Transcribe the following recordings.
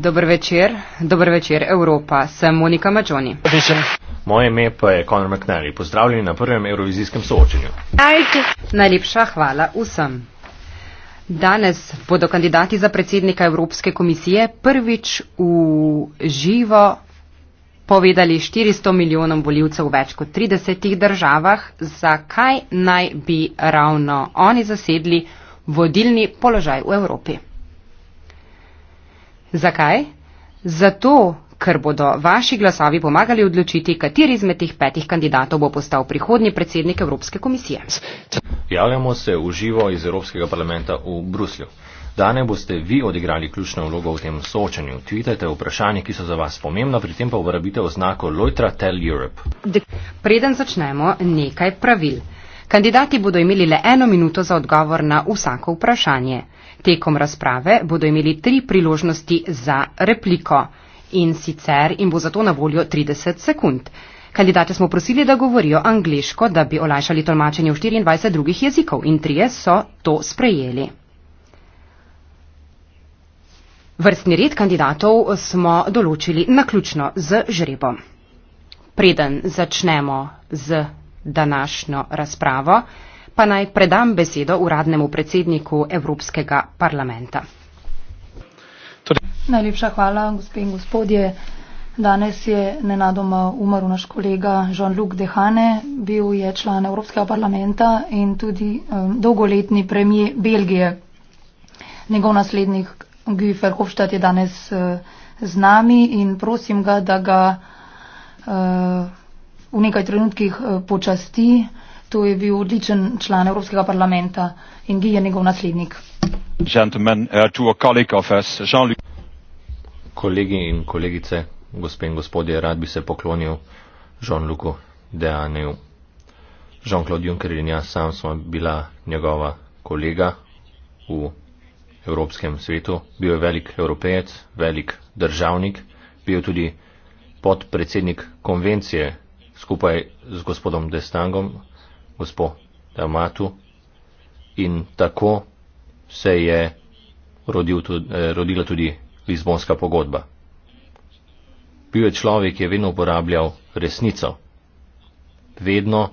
Dober večer, dober večer Evropa, sem Monika Mačoni. Moje ime pa je Conor McNally, pozdravljeni na prvem Eurovizijskem soočenju. Najlepša hvala vsem. Danes bodo kandidati za predsednika Evropske komisije prvič v živo povedali 400 milijonom voljivcev v več kot 30 državah, zakaj naj bi ravno oni zasedli vodilni položaj v Evropi. Zakaj? Zato, ker bodo vaši glasovi pomagali odločiti, kateri izmed teh petih kandidatov bo postal prihodnji predsednik Evropske komisije. Javljamo se v živo iz Evropskega parlamenta v Bruslju. Danes boste vi odigrali ključno vlogo v tem soočanju. Tvitajte vprašanje, ki so za vas pomembna, pri tem pa uporabite oznako Lojtra Tell Europe. Preden začnemo, nekaj pravil. Kandidati bodo imeli le eno minuto za odgovor na vsako vprašanje. Tekom razprave bodo imeli tri priložnosti za repliko in sicer jim bo zato na voljo 30 sekund. Kandidate smo prosili, da govorijo angliško, da bi olajšali tolmačenje v 24 drugih jezikov in trije so to sprejeli. Vrstni red kandidatov smo določili naključno z žrebom. Preden začnemo z današnjo razpravo, pa naj predam besedo uradnemu predsedniku Evropskega parlamenta. Torej- Najlepša hvala, gospe in gospodje. Danes je nenadoma umrl naš kolega Jean-Luc Dehane, bil je član Evropskega parlamenta in tudi um, dolgoletni premije Belgije. Njegov naslednik Guy Verhofstadt je danes uh, z nami in prosim ga, da ga uh, v nekaj trenutkih uh, počasti. To je bil odličen član Evropskega parlamenta in Guy je njegov naslednik. Uh, Kolegi in kolegice, gospe in gospodje, rad bi se poklonil Jean-Lucu Deaneju. Jean-Claude Juncker in jaz sam smo bila njegova kolega v Evropskem svetu. Bil je velik evropejec, velik državnik, bil tudi podpredsednik konvencije skupaj z gospodom Destangom gospo Damatu in tako se je rodil tudi, eh, rodila tudi Lizbonska pogodba. Bil je človek, ki je vedno uporabljal resnico. Vedno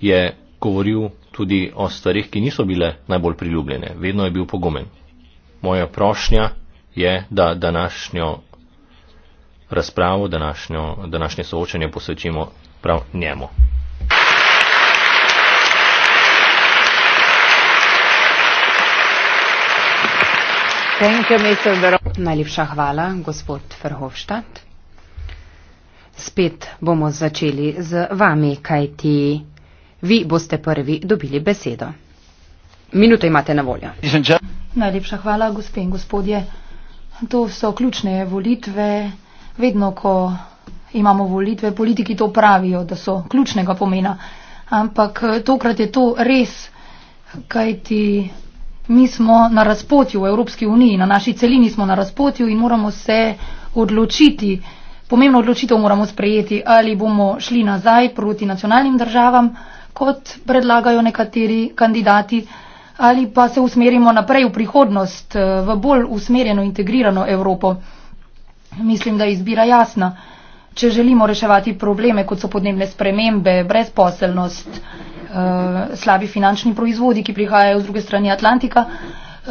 je govoril tudi o stvarih, ki niso bile najbolj priljubljene. Vedno je bil pogumen. Moja prošnja je, da današnjo razpravo, današnjo, današnje soočanje posvečimo prav njemu. Thank you, Mr. Verhofstadt. Najlepša hvala, gospod Verhofstadt. Spet bomo začeli z vami, kajti vi boste prvi dobili besedo. Minuto imate na voljo. Najlepša hvala, gospe in gospodje. To so ključne volitve. Vedno, ko imamo volitve, politiki to pravijo, da so ključnega pomena. Ampak tokrat je to res, kajti mi smo na razpotju v Evropski uniji, na naši celini smo na razpotju in moramo se odločiti, pomembno odločitev moramo sprejeti, ali bomo šli nazaj proti nacionalnim državam, kot predlagajo nekateri kandidati, ali pa se usmerimo naprej v prihodnost, eh, v bolj usmerjeno integrirano Evropo. Mislim, da je izbira jasna. Če želimo reševati probleme, kot so podnebne spremembe, brezposelnost, Eh, slabi finančni proizvodi, ki prihajajo z druge strani Atlantika.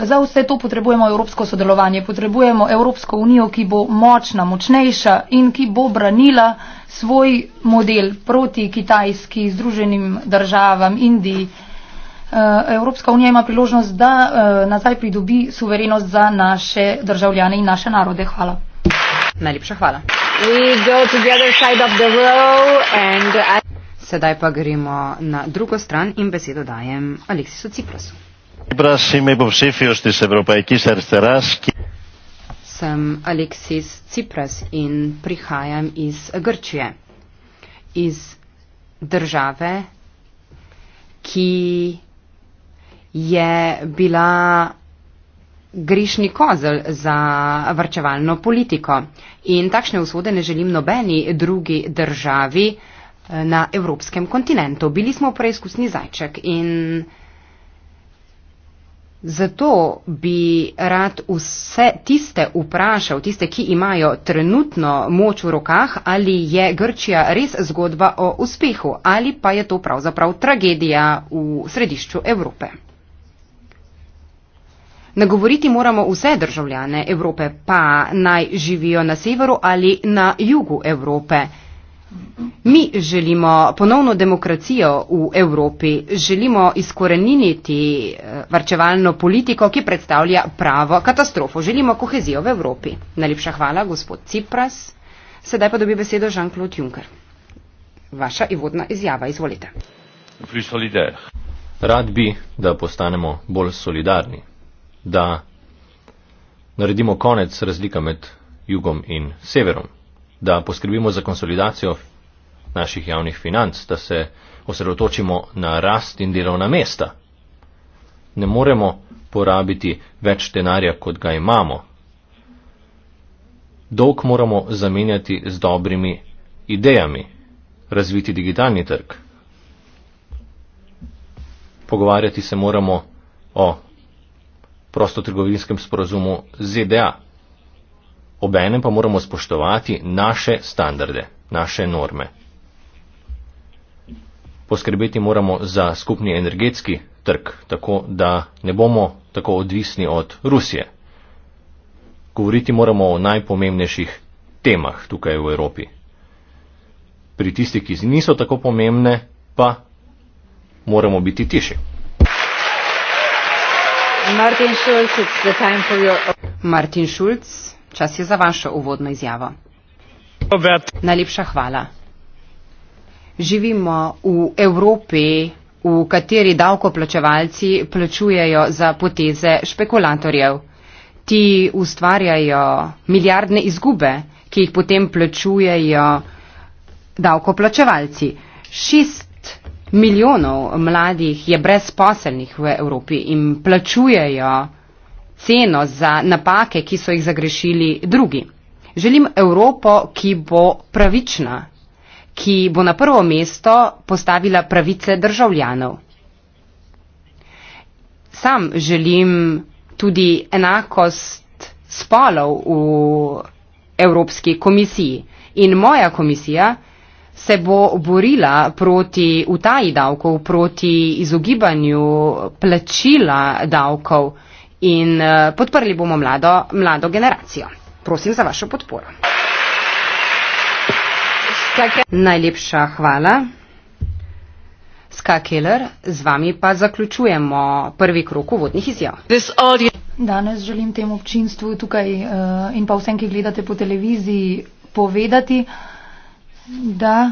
Za vse to potrebujemo evropsko sodelovanje, potrebujemo Evropsko unijo, ki bo močna, močnejša in ki bo branila svoj model proti Kitajski, Združenim državam, Indiji. Eh, Evropska unija ima priložnost, da eh, nazaj pridobi suverenost za naše državljane in naše narode. Hvala. Najlepša hvala. We go to the other side of the row and I... Sedaj pa gremo na drugo stran in besedo dajem Aleksisu Ciprasu. Sem Aleksis Cipras in prihajam iz Grčije, iz države, ki je bila grišni kozel za vrčevalno politiko. In takšne usode ne želim nobeni drugi državi na evropskem kontinentu. Bili smo preizkusni zajček in zato bi rad vse tiste vprašal, tiste, ki imajo trenutno moč v rokah, ali je Grčija res zgodba o uspehu ali pa je to pravzaprav tragedija v središču Evrope. Nagovoriti moramo vse državljane Evrope, pa naj živijo na severu ali na jugu Evrope. Mi želimo ponovno demokracijo v Evropi, želimo izkoreniniti eh, varčevalno politiko, ki predstavlja pravo katastrofo. Želimo kohezijo v Evropi. Najlepša hvala, gospod Cipras. Sedaj pa dobi besedo Jean-Claude Juncker. Vaša ivodna izjava, izvolite. Rad bi, da postanemo bolj solidarni, da naredimo konec razlika med jugom in severom, da poskrbimo za konsolidacijo naših javnih financ, da se osredotočimo na rast in delovna mesta. Ne moremo porabiti več denarja, kot ga imamo. Dolg moramo zamenjati z dobrimi idejami, razviti digitalni trg. Pogovarjati se moramo o prostotrgovinskem sporozumu ZDA. Obenem pa moramo spoštovati naše standarde, naše norme poskrbeti moramo za skupni energetski trg, tako da ne bomo tako odvisni od Rusije. Govoriti moramo o najpomembnejših temah tukaj v Evropi. Pri tistih, ki niso tako pomembne, pa moramo biti tiši. Martin Schulz, your... čas je za vašo uvodno izjavo. Najlepša hvala živimo v Evropi, v kateri davkoplačevalci plačujejo za poteze špekulatorjev. Ti ustvarjajo milijardne izgube, ki jih potem plačujejo davkoplačevalci. Šest milijonov mladih je brezposelnih v Evropi in plačujejo ceno za napake, ki so jih zagrešili drugi. Želim Evropo, ki bo pravična ki bo na prvo mesto postavila pravice državljanov. Sam želim tudi enakost spolov v Evropski komisiji in moja komisija se bo borila proti utaji davkov, proti izogibanju plačila davkov in eh, podprli bomo mlado, mlado generacijo. Prosim za vašo podporo. Najlepša hvala. Ska Keller, z vami pa zaključujemo prvi krok uvodnih izjav. Danes želim tem občinstvu tukaj uh, in pa vsem, ki gledate po televiziji, povedati, da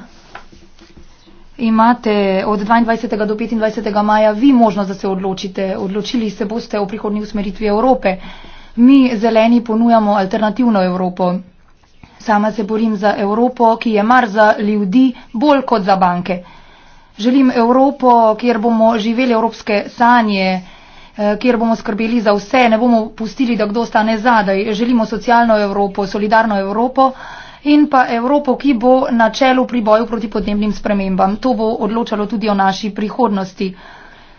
imate od 22. do 25. maja vi možnost, da se odločite. Odločili se boste o prihodnji usmeritvi Evrope. Mi zeleni ponujamo alternativno Evropo. Sama se borim za Evropo, ki je mar za ljudi bolj kot za banke. Želim Evropo, kjer bomo živeli evropske sanje, eh, kjer bomo skrbeli za vse, ne bomo pustili, da kdo stane zadaj. Želimo socialno Evropo, solidarno Evropo in pa Evropo, ki bo na čelu pri boju proti podnebnim spremembam. To bo odločalo tudi o naši prihodnosti.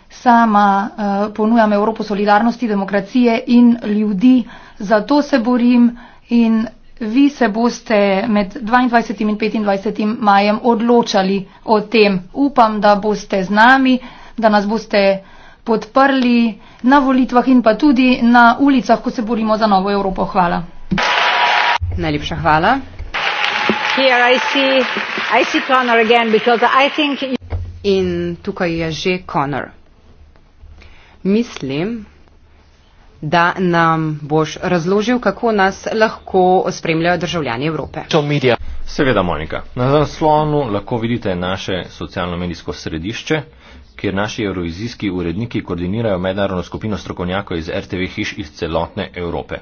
Sama eh, ponujam Evropo solidarnosti, demokracije in ljudi, zato se borim in. Vi se boste med 22. in 25. majem odločali o tem. Upam, da boste z nami, da nas boste podprli na volitvah in pa tudi na ulicah, ko se borimo za novo Evropo. Hvala. Najlepša hvala. In tukaj je že Conor. Mislim, da nam boš razložil, kako nas lahko spremljajo državljani Evrope. Seveda, Monika. Na zaslonu lahko vidite naše socialno-medijsko središče, kjer naši eurovizijski uredniki koordinirajo mednarodno skupino strokovnjakov iz RTV hiš iz celotne Evrope.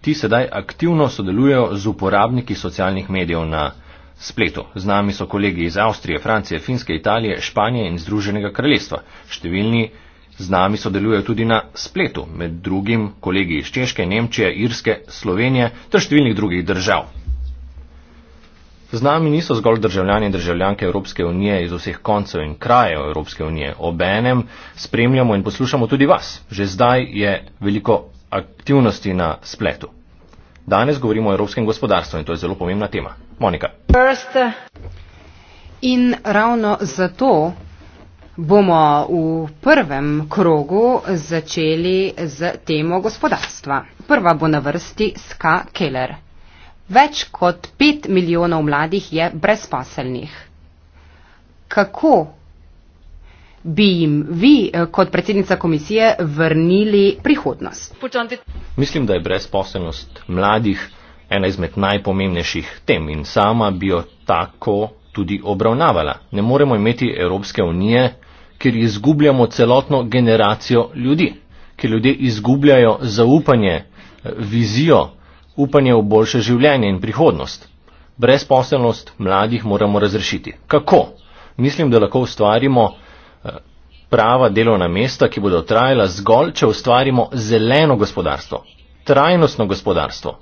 Ti sedaj aktivno sodelujejo z uporabniki socialnih medijev na spletu. Z nami so kolegi iz Avstrije, Francije, Finske, Italije, Španije in Združenega kraljestva. Številni Z nami sodelujejo tudi na spletu, med drugim kolegi iz Češke, Nemčije, Irske, Slovenije ter številnih drugih držav. Z nami niso zgolj državljani in državljanke Evropske unije iz vseh koncev in krajev Evropske unije. Obenem spremljamo in poslušamo tudi vas. Že zdaj je veliko aktivnosti na spletu. Danes govorimo o evropskem gospodarstvu in to je zelo pomembna tema. Monika. In ravno zato bomo v prvem krogu začeli z temo gospodarstva. Prva bo na vrsti Ska Keller. Več kot pet milijonov mladih je brezposelnih. Kako bi jim vi eh, kot predsednica komisije vrnili prihodnost? Mislim, da je brezposelnost mladih ena izmed najpomembnejših tem in sama bi jo tako tudi obravnavala. Ne moremo imeti Evropske unije, ker izgubljamo celotno generacijo ljudi, ker ljudje izgubljajo zaupanje, vizijo, upanje v boljše življenje in prihodnost. Brezposelnost mladih moramo razrešiti. Kako? Mislim, da lahko ustvarimo eh, prava delovna mesta, ki bodo trajala zgolj, če ustvarimo zeleno gospodarstvo, trajnostno gospodarstvo.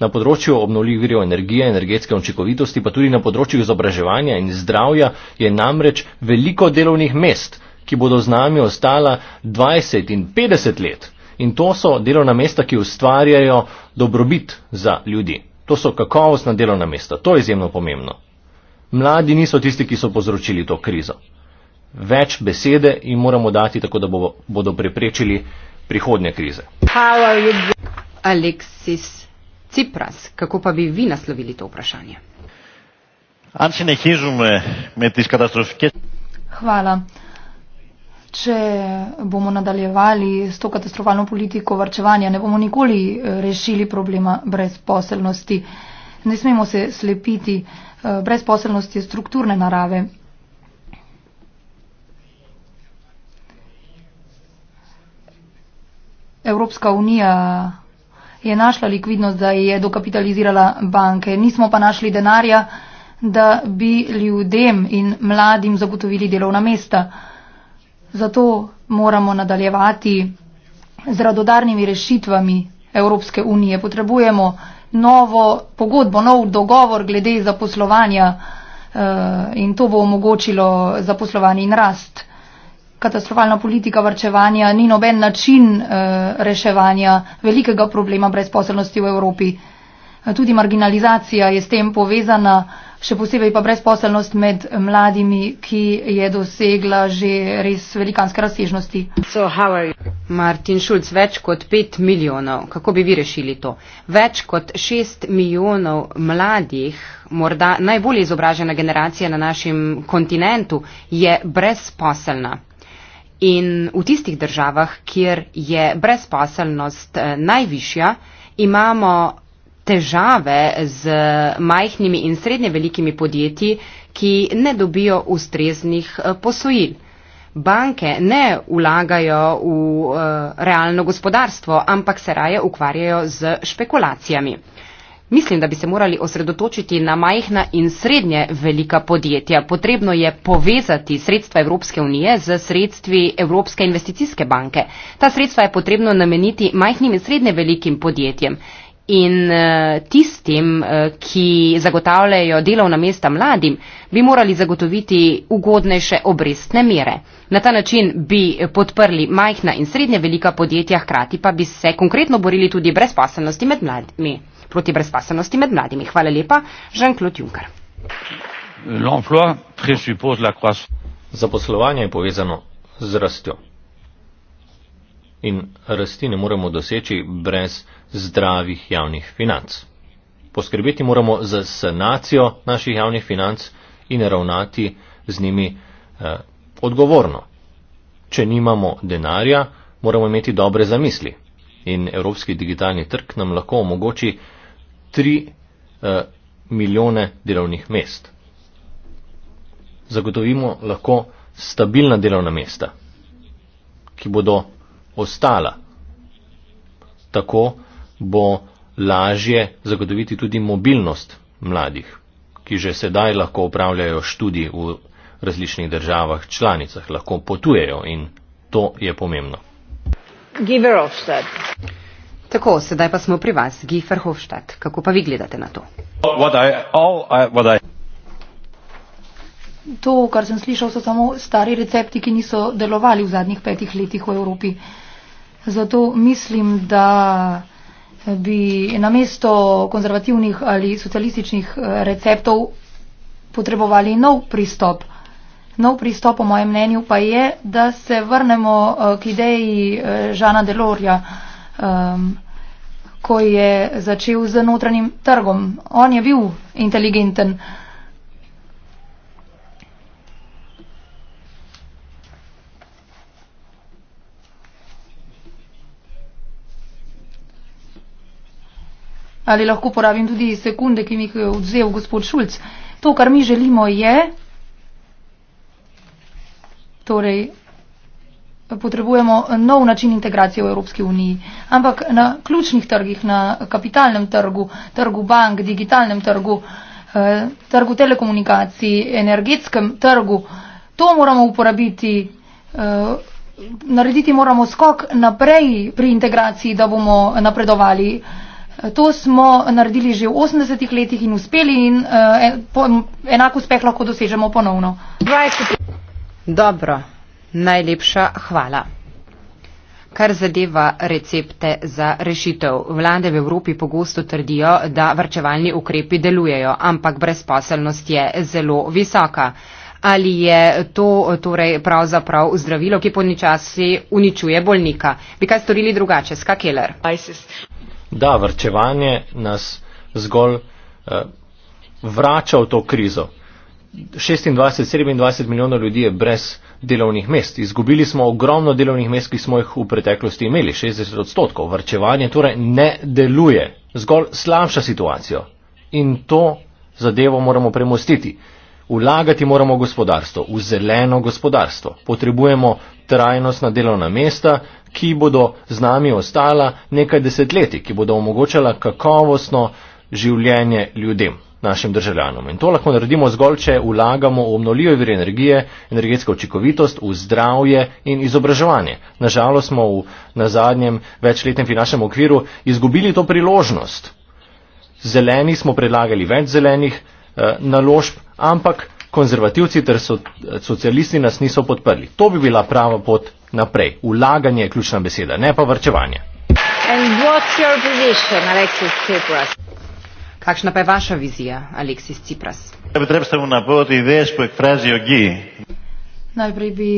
Na področju obnovljivih virov energije, energetske učinkovitosti, pa tudi na področju izobraževanja in zdravja je namreč veliko delovnih mest, ki bodo z nami ostala 20 in 50 let. In to so delovna mesta, ki ustvarjajo dobrobit za ljudi. To so kakovostna delovna mesta. To je izjemno pomembno. Mladi niso tisti, ki so povzročili to krizo. Več besede jim moramo dati, tako da bodo preprečili prihodnje krize. Aleksis. Cipras, kako pa bi vi naslovili to vprašanje? Hvala. Če bomo nadaljevali s to katastrofalno politiko varčevanja, ne bomo nikoli eh, rešili problema brezposelnosti. Ne smemo se slepiti. Eh, brezposelnost je strukturne narave. Evropska unija je našla likvidnost, da je dokapitalizirala banke. Nismo pa našli denarja, da bi ljudem in mladim zagotovili delovna mesta. Zato moramo nadaljevati z radodarnimi rešitvami Evropske unije. Potrebujemo novo pogodbo, nov dogovor glede zaposlovanja eh, in to bo omogočilo zaposlovanje in rast katastrofalna politika vrčevanja ni noben način uh, reševanja velikega problema brezposelnosti v Evropi. Eh, tudi marginalizacija je s tem povezana, še posebej pa brezposelnost med mladimi, ki je dosegla že res velikanske razsežnosti. So, Martin Šulc, več kot pet milijonov, kako bi vi rešili to? Več kot šest milijonov mladih, morda najbolje izobražena generacija na našem kontinentu, je brezposelna. In v tistih državah, kjer je brezposelnost eh, najvišja, imamo težave z majhnimi in srednje velikimi podjetji, ki ne dobijo ustreznih eh, posojil. Banke ne ulagajo v uh, realno gospodarstvo, ampak se raje ukvarjajo z špekulacijami. Mislim, da bi se morali osredotočiti na majhna in srednje velika podjetja. Potrebno je povezati sredstva Evropske unije z sredstvi Evropske investicijske banke. Ta sredstva je potrebno nameniti majhnim in srednje velikim podjetjem. In eh, tistim, eh, ki zagotavljajo delovna mesta mladim, bi morali zagotoviti ugodnejše obrestne mere. Na ta način bi podprli majhna in srednja velika podjetja, hkrati pa bi se konkretno borili tudi brezposelnosti med mladimi. Proti brezposelnosti med mladimi. Hvala lepa, Jean-Claude Juncker. Zaposlovanje je povezano z rastjo in rasti ne moremo doseči brez zdravih javnih financ. Poskrbeti moramo za sanacijo naših javnih financ in ravnati z njimi eh, odgovorno. Če nimamo denarja, moramo imeti dobre zamisli. In Evropski digitalni trg nam lahko omogoči 3 eh, milijone delovnih mest. Zagotovimo lahko stabilna delovna mesta, ki bodo ostala. Tako bo lažje zagotoviti tudi mobilnost mladih, ki že sedaj lahko upravljajo študij v različnih državah članicah, lahko potujejo in to je pomembno. Tako, sedaj pa smo pri vas, Gifer Hofstadt. Kako pa vi gledate na to? To, kar sem slišal, so samo stari recepti, ki niso delovali v zadnjih petih letih v Evropi. Uh, Zato mislim, da bi namesto konzervativnih ali socialističnih eh, receptov potrebovali nov pristop. Nov pristop, po mojem mnenju, pa je, da se vrnemo eh, k ideji eh, Žana Delorja, ehm, ko je začel z notranjim trgom. On je bil inteligenten. Ali lahko porabim tudi sekunde, ki mi jih je vzel gospod Šulc. To, kar mi želimo, je. Torej, potrebujemo nov način integracije v Evropski uniji, ampak na ključnih trgih, na kapitalnem trgu, trgu bank, digitalnem trgu, eh, trgu telekomunikacij, energetskem trgu, to moramo uporabiti, eh, narediti moramo skok naprej pri integraciji, da bomo napredovali. To smo naredili že v 80-ih letih in uspeli in eh, e, enako uspeh lahko dosežemo ponovno. Dobro, najlepša hvala. Kar zadeva recepte za rešitev. Vlade v Evropi pogosto trdijo, da vrčevalni ukrepi delujejo, ampak brezposelnost je zelo visoka. Ali je to torej pravzaprav zdravilo, ki po ničasi uničuje bolnika? Bi kaj storili drugače? Skakeler. ISIS da vrčevanje nas zgolj eh, vrača v to krizo. 26-27 milijonov ljudi je brez delovnih mest. Izgubili smo ogromno delovnih mest, ki smo jih v preteklosti imeli, 60 odstotkov. Vrčevanje torej ne deluje, zgolj slabša situacijo. In to zadevo moramo premostiti. Vlagati moramo v gospodarstvo, v zeleno gospodarstvo. Potrebujemo trajnostna delovna mesta, ki bodo z nami ostala nekaj desetletij, ki bodo omogočala kakovostno življenje ljudem, našim državljanom. In to lahko naredimo zgolj, če vlagamo v obnoljive vire energije, energetsko učinkovitost, v zdravje in izobraževanje. Nažalost smo v na zadnjem večletnem finančnem okviru izgubili to priložnost. Zeleni smo predlagali več zelenih, Eh, naložb, ampak konzervativci ter eh, socialisti nas niso podprli. To bi bila prava pot naprej. Ulaganje je ključna beseda, ne pa vrčevanje. Kakšna pa je vaša vizija, Aleksis Cipras? Ja, Najprej bi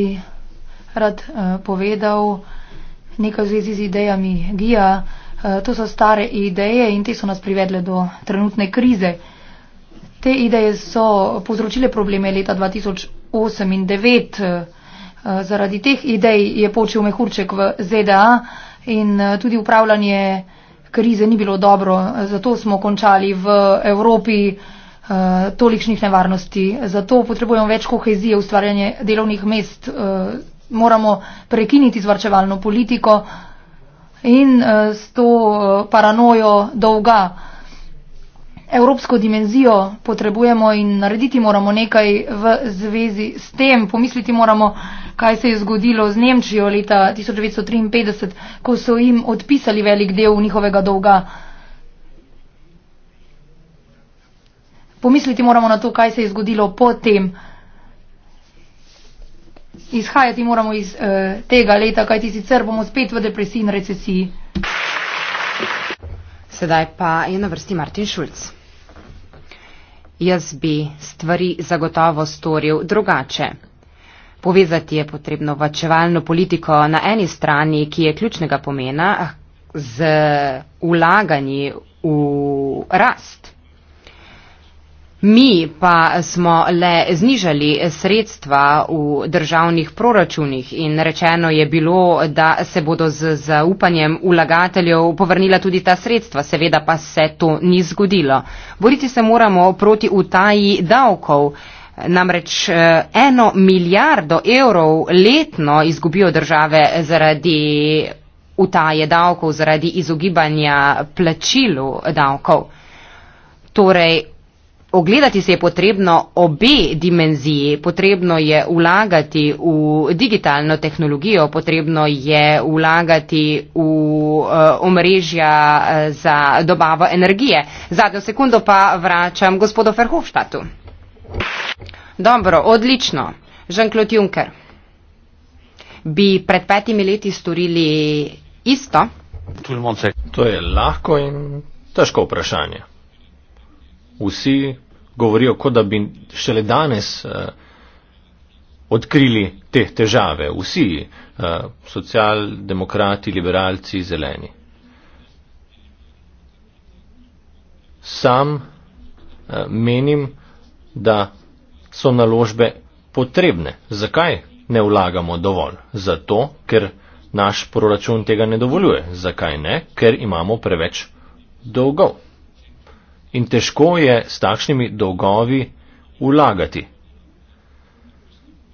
rad uh, povedal nekaj v zvezi z idejami GIA. Uh, to so stare ideje in te so nas privedle do trenutne krize. Uh, Te ideje so povzročile probleme leta 2008 in 2009. Zaradi teh idej je počel mehurček v ZDA in eh, tudi upravljanje krize ni bilo dobro. Zato smo končali v Evropi eh, tolikšnih nevarnosti. Zato potrebujemo več kohezije, ustvarjanje delovnih mest. Eh, moramo prekiniti zvrčevalno politiko in s to paranojo dolga evropsko dimenzijo potrebujemo in narediti moramo nekaj v zvezi s tem. Pomisliti moramo, kaj se je zgodilo z Nemčijo leta 1953, ko so jim odpisali velik del njihovega dolga. Pomisliti moramo na to, kaj se je zgodilo potem. Izhajati moramo iz eh, tega leta, kajti sicer bomo spet v depresiji in recesiji. Sedaj pa je na vrsti Martin Schulz jaz bi stvari zagotovo storil drugače. Povezati je potrebno vačevalno politiko na eni strani, ki je ključnega pomena, z vlaganji v rast. Mi pa smo le znižali sredstva v državnih proračunih in rečeno je bilo, da se bodo z zaupanjem vlagateljev povrnila tudi ta sredstva. Seveda pa se to ni zgodilo. Boriti se moramo proti utaji davkov. Namreč eh, eno milijardo evrov letno izgubijo države zaradi utaje davkov, zaradi izogibanja plačilu davkov. Torej, ogledati se je potrebno obe dimenziji, potrebno je vlagati v digitalno tehnologijo, potrebno je vlagati v eh, omrežja eh, za dobavo energije. Zadnjo sekundo pa vračam gospodu Ferhofštatu. Dobro, odlično. Jean-Claude Juncker, bi pred petimi leti storili isto? To je lahko in težko vprašanje. Vsi govorijo, kot da bi šele danes uh, odkrili te težave. Vsi, uh, socialdemokrati, liberalci, zeleni. Sam uh, menim, da so naložbe potrebne. Zakaj ne vlagamo dovolj? Zato, ker naš proračun tega ne dovoljuje. Zakaj ne? Ker imamo preveč dolgov in težko je s takšnimi dolgovi ulagati.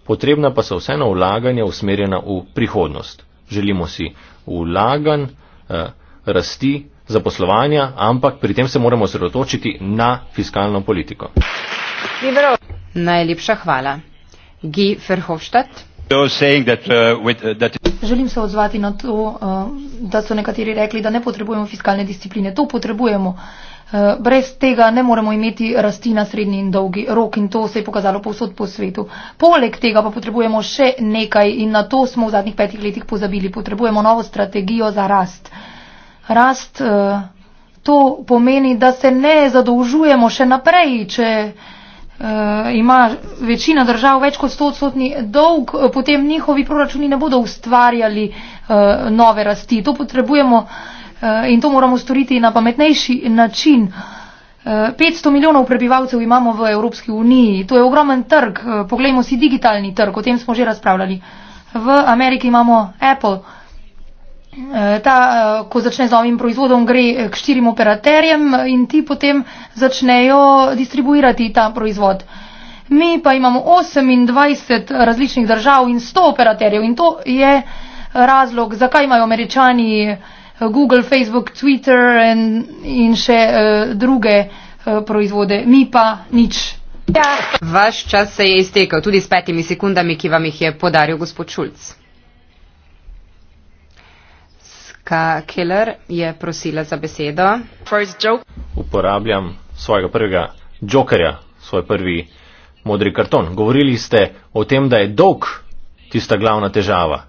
Potrebna pa so vseeno ulaganja usmerjena v prihodnost. Želimo si ulagan, eh, rasti, zaposlovanja, ampak pri tem se moramo osredotočiti na fiskalno politiko. Libero. Najlepša hvala. Guy Verhofstadt. Želim se odzvati na to, eh, da so nekateri rekli, da ne potrebujemo fiskalne discipline. To potrebujemo. Eh, brez tega ne moremo imeti rasti na srednji in dolgi rok in to se je pokazalo povsod po svetu. Poleg tega pa potrebujemo še nekaj in na to smo v zadnjih petih letih pozabili. Potrebujemo novo strategijo za rast. Rast eh, to pomeni, da se ne zadolžujemo še naprej, če eh, ima večina držav več kot 100 odstotni dolg, potem njihovi proračuni ne bodo ustvarjali nove rasti. To potrebujemo. Eh, in to moramo storiti na pametnejši način. 500 eh, milijonov prebivalcev imamo v Evropski uniji. To je ogromen trg. Eh, poglejmo si digitalni trg, o tem smo že razpravljali. V Ameriki imamo Apple. Ta, ko začne z novim proizvodom, gre k štirim operaterjem in ti potem začnejo distribuirati ta proizvod. Mi pa imamo 28 različnih držav in 100 operaterjev in to je razlog, zakaj imajo američani Google, Facebook, Twitter in, in še uh, druge uh, proizvode, mi pa nič. Ja. Vaš čas se je iztekel tudi s petimi sekundami, ki vam jih je podaril gospod Šulc. Ska Keller je prosila za besedo. Uporabljam svojega prvega jokerja, svoj prvi modri karton. Govorili ste o tem, da je dolg tista glavna težava.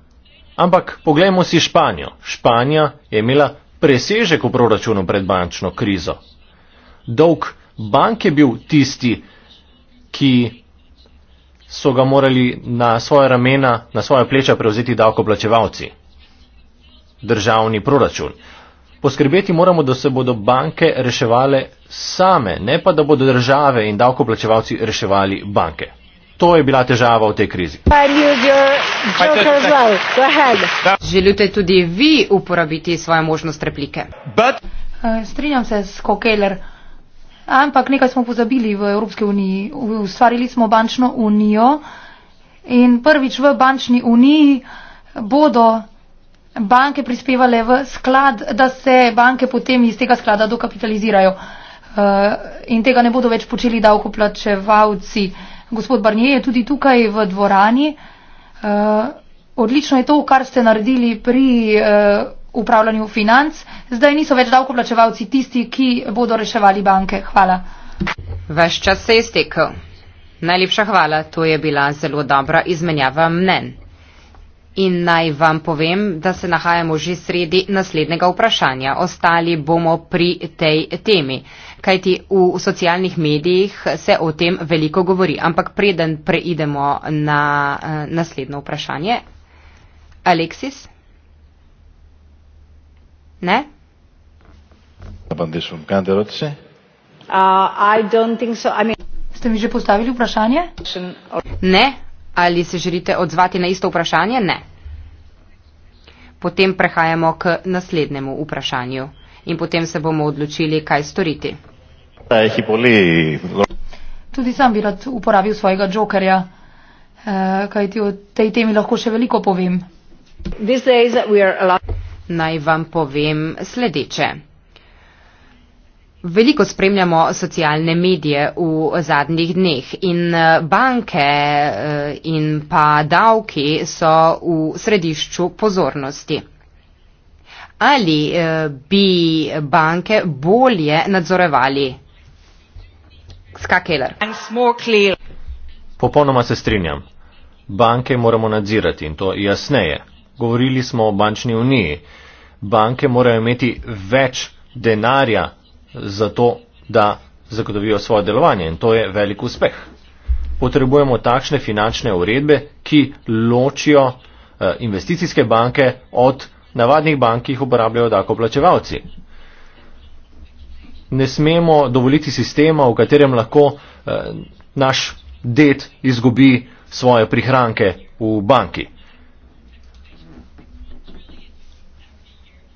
Ampak poglejmo si Španijo. Španija je imela presežek v proračunu pred bančno krizo. Dolg bank je bil tisti, ki so ga morali na svoje ramena, na svoje pleča prevzeti davkoplačevalci. Državni proračun. Poskrbeti moramo, da se bodo banke reševale same, ne pa da bodo države in davkoplačevalci reševali banke. To je bila težava v tej krizi. Želite tudi vi uporabiti svojo možnost replike? But... Uh, strinjam se s Kokeler, ampak nekaj smo pozabili v Evropski uniji. Ustvarili smo bančno unijo in prvič v bančni uniji bodo banke prispevale v sklad, da se banke potem iz tega sklada dokapitalizirajo. Uh, in tega ne bodo več počeli davkoplačevalci. Gospod Barnier je tudi tukaj v dvorani. Uh, Eh, odlično je to, kar ste naredili pri uh, upravljanju financ. Zdaj niso več davkoplačevalci tisti, ki bodo reševali banke. Hvala. Vaš čas se je stekel. Najlepša hvala, to je bila zelo dobra izmenjava mnen. In naj vam povem, da se nahajamo že sredi naslednjega vprašanja. Ostali bomo pri tej temi kajti v socialnih medijih se o tem veliko govori. Ampak preden preidemo na eh, naslednjo vprašanje. Aleksis? Ne? Uh, so. I mean... Ste mi že postavili vprašanje? Ne. Ali se želite odzvati na isto vprašanje? Ne. Potem prehajamo k naslednjemu vprašanju in potem se bomo odločili, kaj storiti. Ta έχει πολύ. Tudi sam bi rad uporabil svojega jokerja, eh, kajti o tej temi lahko še veliko povem. Naj vam povem sledeče. Veliko spremljamo socialne medije v zadnjih dneh in eh, banke eh, in pa davki so v središču pozornosti. Ali bi banke bolje nadzorovali Ska Keller. Popolnoma se strinjam. Banke moramo nadzirati in to jasneje. Govorili smo o bančni uniji. Banke morajo imeti več denarja za to, da zagotovijo svoje delovanje in to je velik uspeh. Potrebujemo takšne finančne uredbe, ki ločijo eh, investicijske banke od navadnih bank, ki jih uporabljajo davkoplačevalci ne smemo dovoliti sistema, v katerem lahko eh, naš ded izgubi svoje prihranke v banki.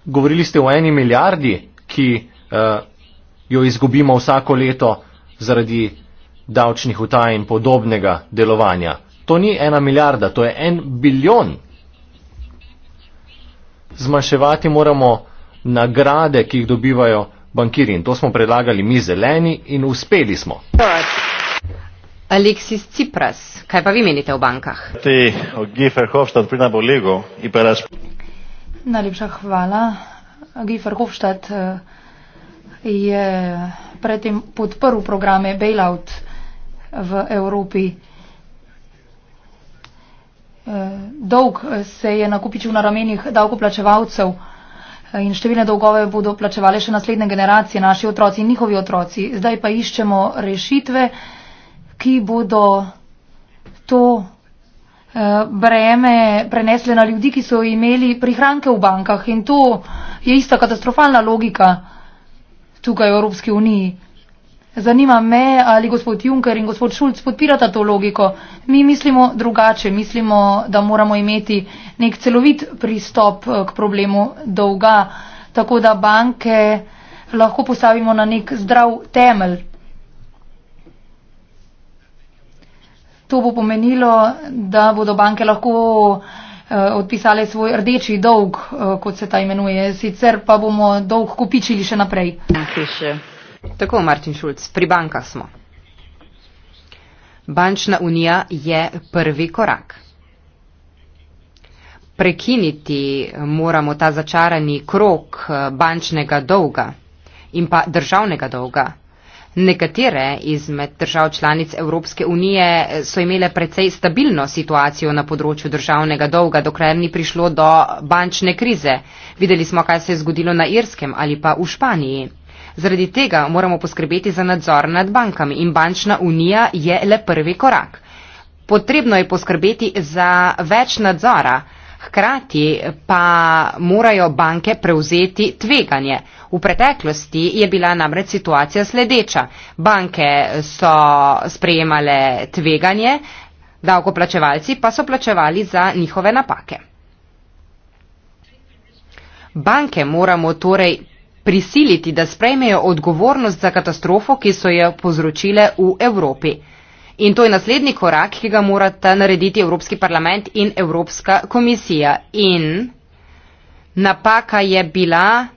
Govorili ste o eni milijardi, ki eh, jo izgubimo vsako leto zaradi davčnih utaj in podobnega delovanja. To ni ena milijarda, to je en biljon. Zmanjševati moramo nagrade, ki jih dobivajo bankiri in to smo predlagali mi zeleni in uspeli smo. Aleksis Cipras, kaj pa vi menite o bankah? Najlepša hvala. Gifer Hofstad eh, je predtem podprl programe bailout v Evropi. Eh, dolg eh, se je nakupičil na ramenih davkoplačevalcev in številne dolgove bodo plačevali še naslednje generacije, naši otroci in njihovi otroci. Zdaj pa iščemo rešitve, ki bodo to eh, breme prenesle na ljudi, ki so imeli prihranke v bankah. In to je ista katastrofalna logika tukaj v Evropski uniji. Zanima me, ali gospod Juncker in gospod Šulc podpirata to logiko. Mi mislimo drugače, mislimo, da moramo imeti nek celovit pristop eh, k problemu dolga, tako da banke lahko postavimo na nek zdrav temelj. To bo pomenilo, da bodo banke lahko eh, odpisale svoj rdeči dolg, eh, kot se ta imenuje. Sicer pa bomo dolg kopičili še naprej. Thank you, Tako, Martin Šulc, pri bankah smo. Bančna unija je prvi korak. Prekiniti moramo ta začarani krok eh, bančnega dolga in pa državnega dolga. Nekatere izmed držav članic Evropske unije eh, so imele precej stabilno situacijo na področju državnega dolga, dokler ni prišlo do bančne krize. Videli smo, kaj se je zgodilo na Irskem ali pa v Španiji. Zaradi tega moramo poskrbeti za nadzor nad bankami in bančna unija je le prvi korak. Potrebno je poskrbeti za več nadzora, hkrati pa morajo banke prevzeti tveganje. V preteklosti je bila namreč situacija sledeča. Banke so sprejemale tveganje, davkoplačevalci pa so plačevali za njihove napake. Banke moramo torej prisiliti, da sprejmejo odgovornost za katastrofo, ki so jo povzročile v Evropi. In to je naslednji korak, ki ga morata narediti Evropski parlament in Evropska komisija. In napaka je bila,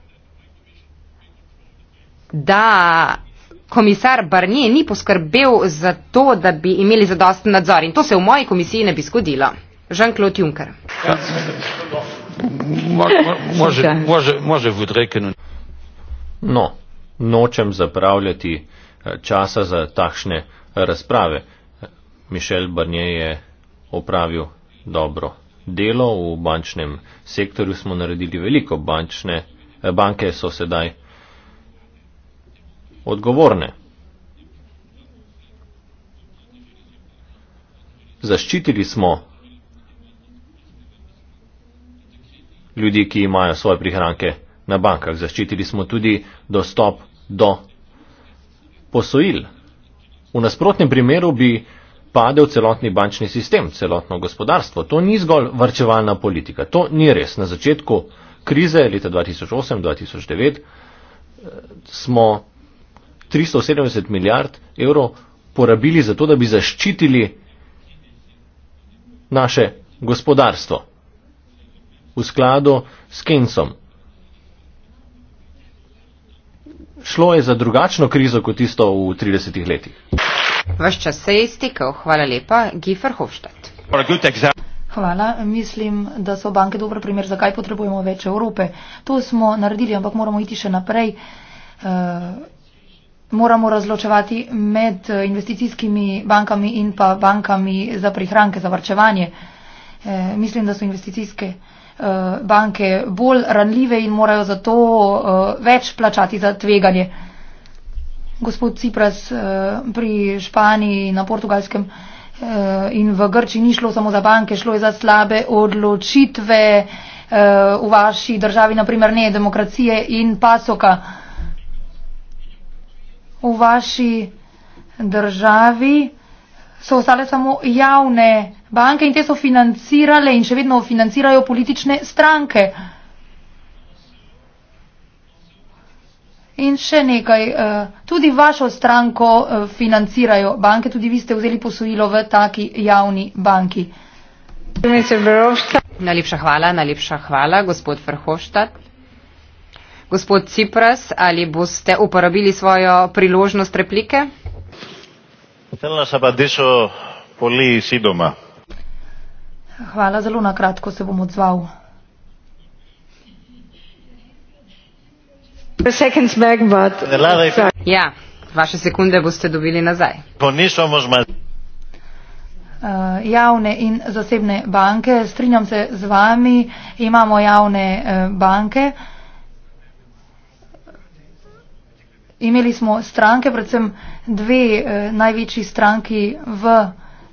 da komisar Barnier ni poskrbel za to, da bi imeli zadosten nadzor. In to se v moji komisiji ne bi zgodilo. Jean-Claude Juncker. Ja. Moi, moi, moi, je, moi, je, moi, je voudrais que nous. No, nočem zapravljati eh, časa za takšne razprave. Mišel Barnier je opravil dobro delo v bančnem sektorju, smo naredili veliko bančne, eh, banke so sedaj odgovorne. Zaščitili smo ljudi, ki imajo svoje prihranke na bankah. Zaščitili smo tudi dostop do posojil. V nasprotnem primeru bi padel celotni bančni sistem, celotno gospodarstvo. To ni zgolj varčevalna politika. To ni res. Na začetku krize leta 2008-2009 eh, smo 370 milijard evrov porabili za to, da bi zaščitili naše gospodarstvo v skladu s Kensom. šlo je za drugačno krizo kot tisto v 30 letih. Vaš čas se je iztekel. Hvala lepa, Gifer Hofstadt. Hvala. Mislim, da so banke dober primer, zakaj potrebujemo več Evrope. To smo naredili, ampak moramo iti še naprej. Uh, moramo razločevati med eh, investicijskimi bankami in pa bankami za prihranke, za varčevanje. Uh, mislim, da so investicijske uh, Eh, banke bolj ranljive in morajo zato eh, več plačati za tveganje. Gospod Cipras, eh, pri Španiji, na portugalskem in v Grči ni šlo samo za banke, šlo je za slabe odločitve v vaši državi, naprimer ne demokracije in pasoka. V vaši državi so ostale samo javne Banke in te so financirale in še vedno financirajo politične stranke. In še nekaj, eh, tudi vašo stranko eh, financirajo banke, tudi vi ste vzeli posojilo v taki javni banki. Najlepša hvala, najlepša hvala, gospod Verhofstadt. Gospod Cipras, ali boste uporabili svojo priložnost replike? Hvala, Hvala, zelo na kratko se bom odzval. Back, but... Ja, vaše sekunde boste dobili nazaj. Uh, javne in zasebne banke. Strinjam se z vami, imamo javne uh, banke. Imeli smo stranke, predvsem dve uh, največji stranki v.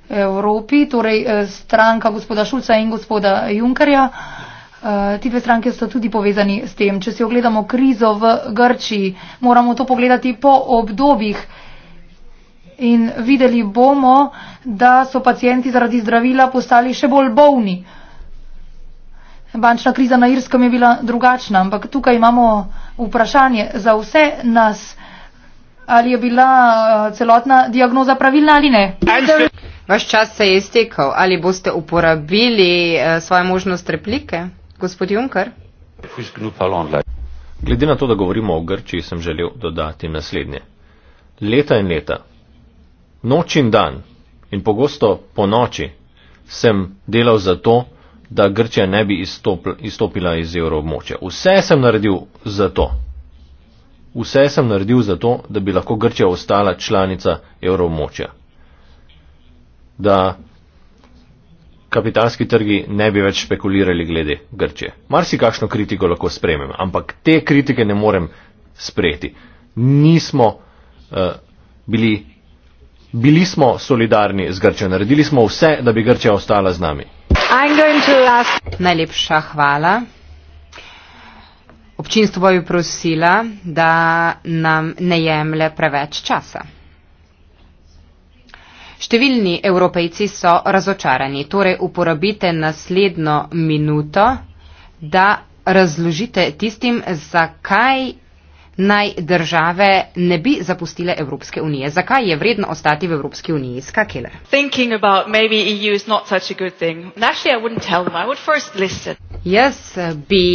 Evropi, torej eh, stranka gospoda Šulca in gospoda Junkerja. Eh, ti dve stranke so tudi povezani s tem. Če si ogledamo krizo v Grčiji, moramo to pogledati po obdobjih. In videli bomo, da so pacijenti zaradi zdravila postali še bolj bolni. Bančna kriza na Irskem je bila drugačna, ampak tukaj imamo vprašanje za vse nas, ali je bila eh, celotna diagnoza pravilna ali ne. Answer. Vaš čas se je iztekal. Ali boste uporabili uh, svojo možnost replike, gospod Juncker? Glede na to, da govorimo o Grčiji, sem želel dodati naslednje. Leta in leta, noč in dan in pogosto po noči sem delal za to, da Grčija ne bi izstopl, izstopila iz evroobmočja. Vse sem naredil za to. Vse sem naredil za to, da bi lahko Grčija ostala članica evroobmočja da kapitalski trgi ne bi več špekulirali glede Grčije. Marsikakšno kritiko lahko sprejmem, ampak te kritike ne morem sprejeti. Nismo uh, bili, bili smo solidarni z Grčijo, naredili smo vse, da bi Grčija ostala z nami. Najlepša hvala. Občinstvo bi prosila, da nam ne jemlje preveč časa. Številni evropejci so razočarani, torej uporabite naslednjo minuto, da razložite tistim, zakaj naj države ne bi zapustile Evropske unije. Zakaj je vredno ostati v Evropski uniji? Skakele. E Jaz bi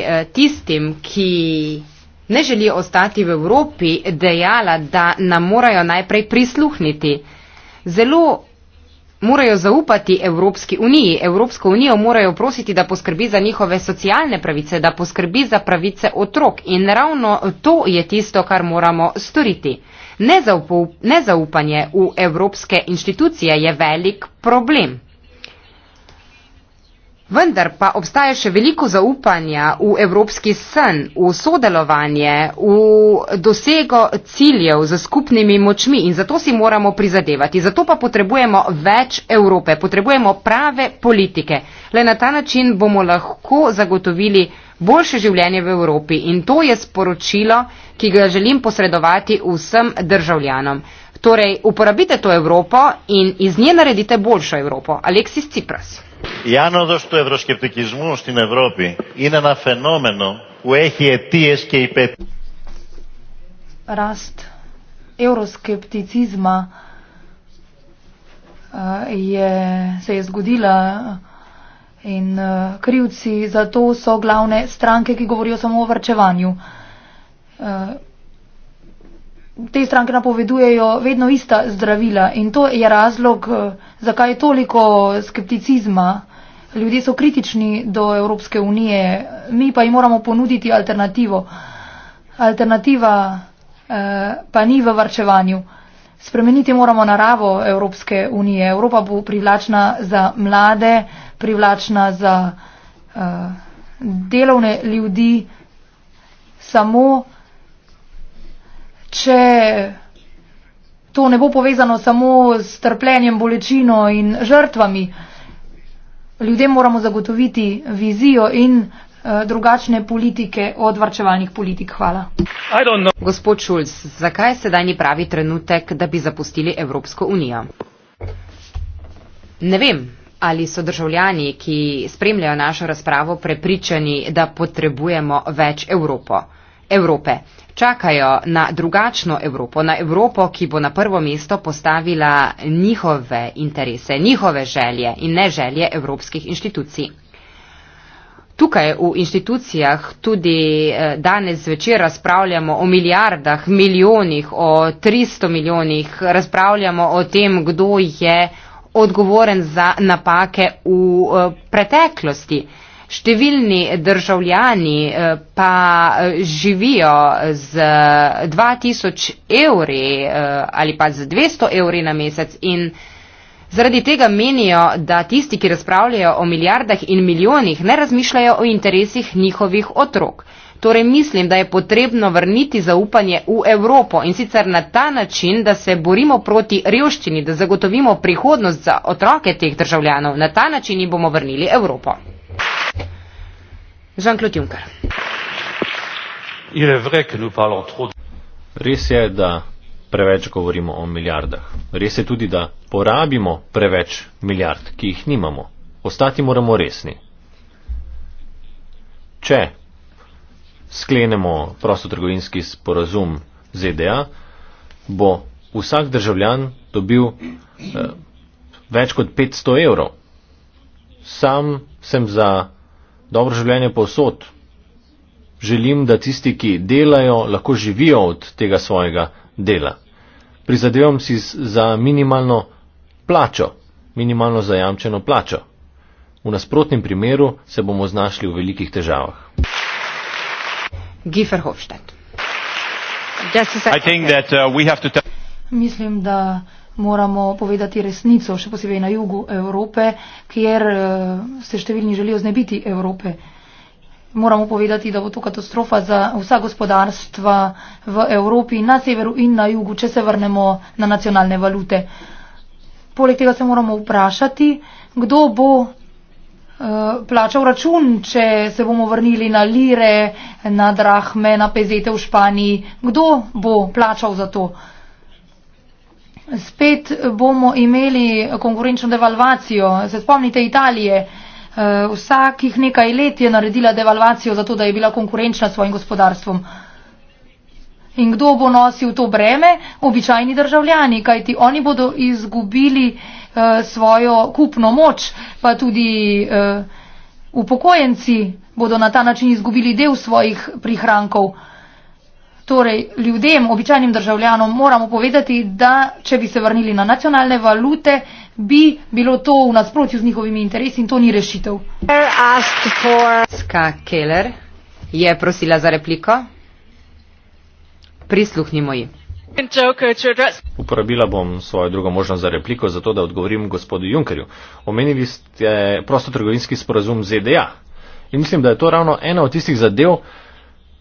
eh, tistim, ki ne želijo ostati v Evropi, dejala, da nam morajo najprej prisluhniti zelo morajo zaupati Evropski uniji. Evropsko unijo morajo prositi, da poskrbi za njihove socialne pravice, da poskrbi za pravice otrok. In ravno to je tisto, kar moramo storiti. Nezaupanje v evropske inštitucije je velik problem. Vendar pa obstaja še veliko zaupanja v evropski sen, v sodelovanje, v dosego ciljev z skupnimi močmi in zato si moramo prizadevati. Zato pa potrebujemo več Evrope, potrebujemo prave politike. Le na ta način bomo lahko zagotovili boljše življenje v Evropi in to je sporočilo, ki ga želim posredovati vsem državljanom. Torej, uporabite to Evropo in iz nje naredite boljšo Evropo. Aleksis Cipras. Η άνοδος του ευρωσκεπτικισμού στην Ευρώπη είναι ένα φαινόμενο που έχει αιτίες και υπέτει. Ραστ ευρωσκεπτικισμού je se je zgodila eh, in uh, krivci za to so glavne stranke, ki govorijo samo o vrčevanju. Uh, eh, te stranke napovedujejo vedno ista zdravila in to je razlog, eh, zakaj je toliko skepticizma. Ljudje so kritični do Evropske unije, mi pa jim moramo ponuditi alternativo. Alternativa eh, pa ni v varčevanju. Spremeniti moramo naravo Evropske unije. Evropa bo privlačna za mlade, privlačna za eh, delovne ljudi samo če to ne bo povezano samo s trpljenjem, bolečino in žrtvami, ljudem moramo zagotoviti vizijo in uh, drugačne politike od varčevalnih politik. Hvala. Gospod Šulc, zakaj je sedaj ni pravi trenutek, da bi zapustili Evropsko unijo? Ne vem, ali so državljani, ki spremljajo našo razpravo, prepričani, da potrebujemo več Evropo. Evrope čakajo na drugačno Evropo, na Evropo, ki bo na prvo mesto postavila njihove interese, njihove želje in ne želje evropskih inštitucij. Tukaj v inštitucijah tudi eh, danes zvečer razpravljamo o milijardah, milijonih, o 300 milijonih, razpravljamo o tem, kdo je odgovoren za napake v eh, preteklosti. Številni državljani eh, pa eh, živijo z 2000 evri eh, ali pa z 200 evri na mesec in zaradi tega menijo, da tisti, ki razpravljajo o milijardah in milijonih, ne razmišljajo o interesih njihovih otrok. Torej mislim, da je potrebno vrniti zaupanje v Evropo in sicer na ta način, da se borimo proti revščini, da zagotovimo prihodnost za otroke teh državljanov. Na ta način jim bomo vrnili Evropo. Jean-Claude Juncker. Res je, da preveč govorimo o milijardah. Res je tudi, da porabimo preveč milijard, ki jih nimamo. Ostati moramo resni. Če sklenemo prostotrgovinski sporazum ZDA, bo vsak državljan dobil eh, več kot 500 evrov. Sam sem za dobro življenje povsod. Želim, da tisti, ki delajo, lahko živijo od tega svojega dela. Prizadevam si za minimalno plačo, minimalno zajamčeno plačo. V nasprotnem primeru se bomo znašli v velikih težavah. Guy Verhofstadt. Uh, Mislim, da moramo povedati resnico, še posebej na jugu Evrope, kjer uh, se številni želijo znebiti Evrope. Moramo povedati, da bo to katastrofa za vsa gospodarstva v Evropi, na severu in na jugu, če se vrnemo na nacionalne valute. Poleg tega se moramo vprašati, kdo bo Eh, plačal račun, če se bomo vrnili na lire, na drahme, na pezete v Španiji. Kdo bo plačal za to? Spet bomo imeli konkurenčno devalvacijo. Se spomnite Italije. Eh, vsakih nekaj let je naredila devalvacijo zato, da je bila konkurenčna s svojim gospodarstvom. In kdo bo nosil to breme? Običajni državljani, kajti oni bodo izgubili eh, svojo kupno moč, pa tudi eh, upokojenci bodo na ta način izgubili del svojih prihrankov. Torej, ljudem, običajnim državljanom moramo povedati, da če bi se vrnili na nacionalne valute, bi bilo to v nasprotju z njihovimi interesi in to ni rešitev. Ska Keller je prosila za repliko. Prisluhnimo ji. Uporabila bom svojo drugo možnost za repliko, zato da odgovorim gospodu Junkerju. Omenili ste prostotrgovinski sporazum ZDA. In mislim, da je to ravno ena od tistih zadev,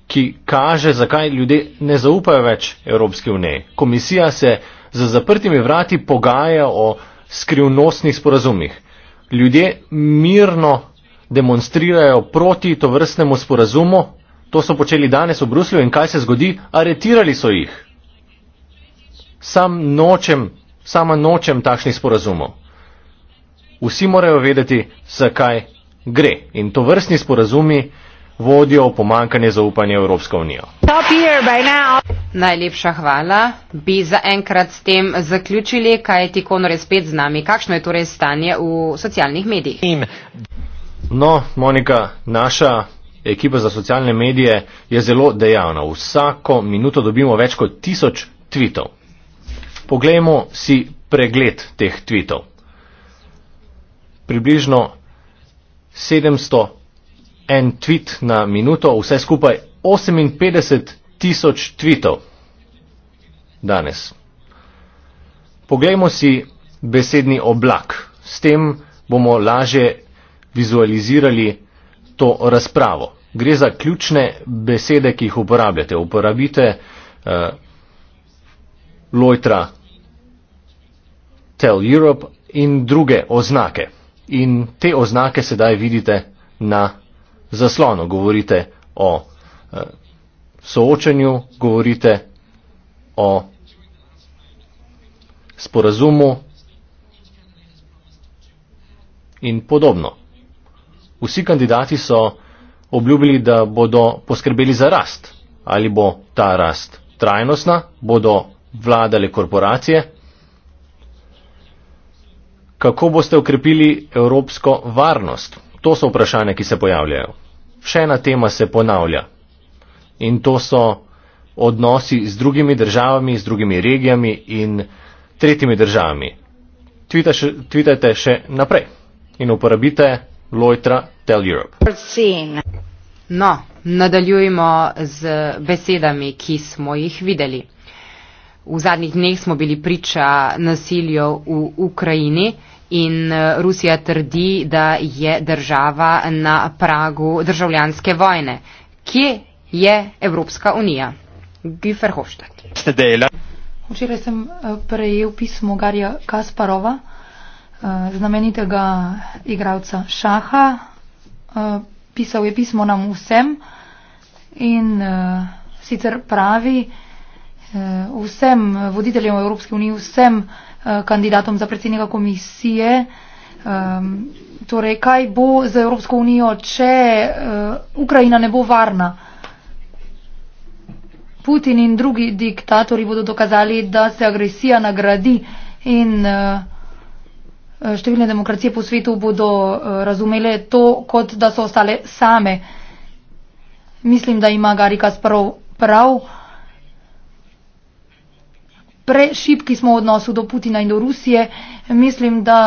ki kaže, zakaj ljudje ne zaupajo več Evropski uniji. Komisija se za zaprtimi vrati pogaja o skrivnostnih sporazumih. Ljudje mirno demonstrirajo proti to vrstnemu sporazumu, To so počeli danes v Bruslju in kaj se zgodi? Aretirali so jih. Sam nočem, sama nočem takšnih sporazumov. Vsi morajo vedeti, zakaj gre. In to vrstni sporazumi vodijo v pomankanje zaupanja v Evropsko unijo. Najlepša hvala. Bi zaenkrat s tem zaključili, kaj je Tikonor spet z nami. Kakšno je torej stanje v socialnih medijih? No, Monika, naša ekipa za socialne medije je zelo dejavna. Vsako minuto dobimo več kot tisoč tweetov. Poglejmo si pregled teh tweetov. Približno 700 en tweet na minuto, vse skupaj 58 tisoč tweetov danes. Poglejmo si besedni oblak. S tem bomo lažje vizualizirali to razpravo. Gre za ključne besede, ki jih uporabljate. Uporabite uh, eh, Lojtra, Tell Europe in druge oznake. In te oznake sedaj vidite na zaslonu. Govorite o uh, eh, soočanju, govorite o sporazumu in podobno. Vsi kandidati so obljubili, da bodo poskrbeli za rast. Ali bo ta rast trajnostna, bodo vladale korporacije? Kako boste ukrepili evropsko varnost? To so vprašanja, ki se pojavljajo. Še ena tema se ponavlja. In to so odnosi z drugimi državami, z drugimi regijami in tretjimi državami. Tvitajte še naprej in uporabite Lojtra 2.0 tell Europe. No, nadaljujmo z besedami, ki smo jih videli. V zadnjih dneh smo bili priča nasilju v Ukrajini in eh, Rusija trdi, da je država na pragu državljanske vojne. Kje je Evropska unija? Güferhofstadt. Včeraj sem eh, prejel pismo Garja Kasparova, eh, znamenitega igralca Šaha, Eh, pisal je pismo nam vsem in uh, sicer pravi uh, vsem voditeljem Evropske unije, vsem uh, kandidatom za predsednika komisije, um, torej kaj bo z Evropsko unijo, če uh, Ukrajina ne bo varna. Putin in drugi diktatori bodo dokazali, da se agresija nagradi in uh, Eh, številne demokracije po svetu bodo eh, razumele to, kot da so ostale same. Mislim, da ima Gari Kasparov prav. Prešipki smo v odnosu do Putina in do Rusije. Mislim, da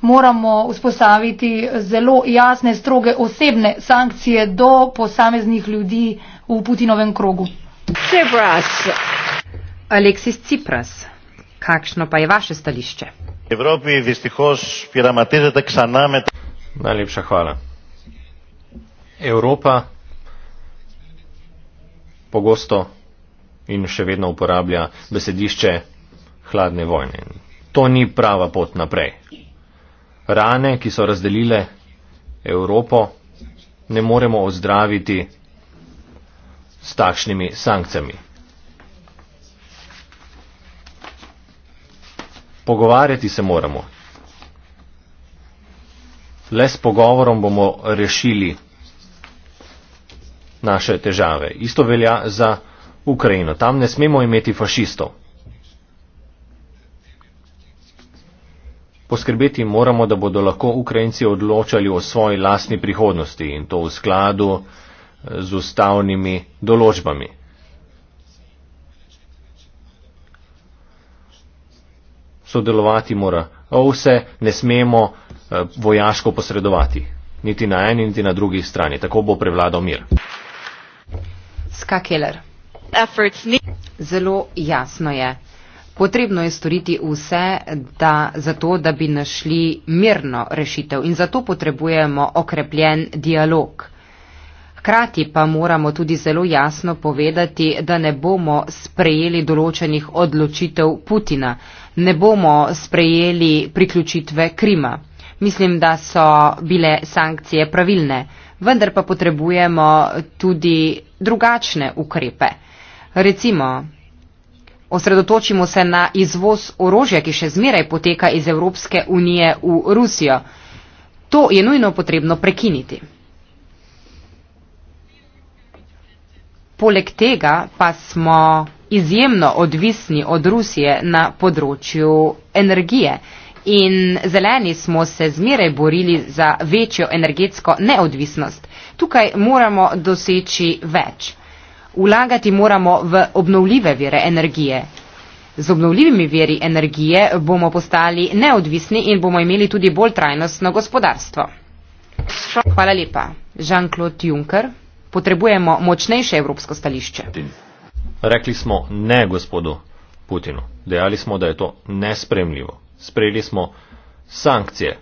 moramo vzpostaviti zelo jasne, stroge osebne sankcije do posameznih ljudi v Putinovem krogu. Tsipras. Aleksis Cipras, kakšno pa je vaše stališče? Ευρώπη δυστυχώς πειραματίζεται ξανά με τα... Να λείψα χώρα. Ευρώπη πογόστο είναι σε βέβαια ουπεράβλια μπεσεδίσκε χλάδνε βόινε. Το νι πράβα πότ να πρέ. Ράνε κι σο ραζδελίλε Ευρώπη ne moremo ozdraviti s takšnimi sankcijami. pogovarjati se moramo. Le s pogovorom bomo rešili naše težave. Isto velja za Ukrajino. Tam ne smemo imeti fašistov. Poskrbeti moramo, da bodo lahko Ukrajinci odločali o svoji lastni prihodnosti in to v skladu eh, z ustavnimi določbami. sodelovati mora OVSE, ne smemo eh, vojaško posredovati, niti na eni, niti na drugi strani. Tako bo prevladal mir. Ska Keller. Zelo jasno je. Potrebno je storiti vse, da zato, da bi našli mirno rešitev in zato potrebujemo okrepljen dialog. Hkrati pa moramo tudi zelo jasno povedati, da ne bomo sprejeli določenih odločitev Putina, ne bomo sprejeli priključitve Krima. Mislim, da so bile sankcije pravilne, vendar pa potrebujemo tudi drugačne ukrepe. Recimo, osredotočimo se na izvoz orožja, ki še zmeraj poteka iz Evropske unije v Rusijo. To je nujno potrebno prekiniti. Poleg tega pa smo izjemno odvisni od Rusije na področju energije. In zeleni smo se zmeraj borili za večjo energetsko neodvisnost. Tukaj moramo doseči več. Ulagati moramo v obnovljive vire energije. Z obnovljivimi viri energije bomo postali neodvisni in bomo imeli tudi bolj trajnostno gospodarstvo. Hvala lepa. Jean-Claude Juncker. Potrebujemo močnejše evropsko stališče. Rekli smo ne gospodu Putinu. Dejali smo, da je to nespremljivo. Sprejeli smo sankcije.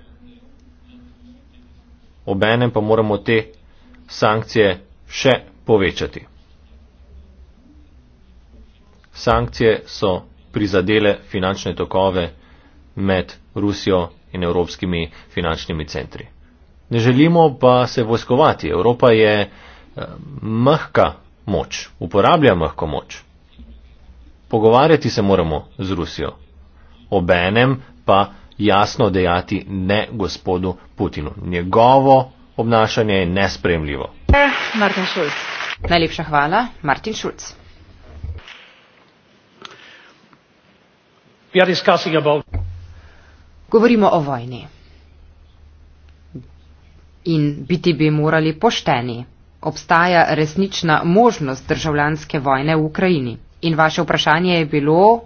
Obenem pa moramo te sankcije še povečati. Sankcije so prizadele finančne tokove med Rusijo in evropskimi finančnimi centri. Ne želimo pa se vojskovati. Evropa je eh, mehka moč, uporabljam lahko moč. Pogovarjati se moramo z Rusijo, obenem pa jasno dejati ne gospodu Putinu. Njegovo obnašanje je nespremljivo. Najlepša hvala, Martin Šulc. Govorimo o vojni. In biti bi morali pošteni obstaja resnična možnost državljanske vojne v Ukrajini. In vaše vprašanje je bilo,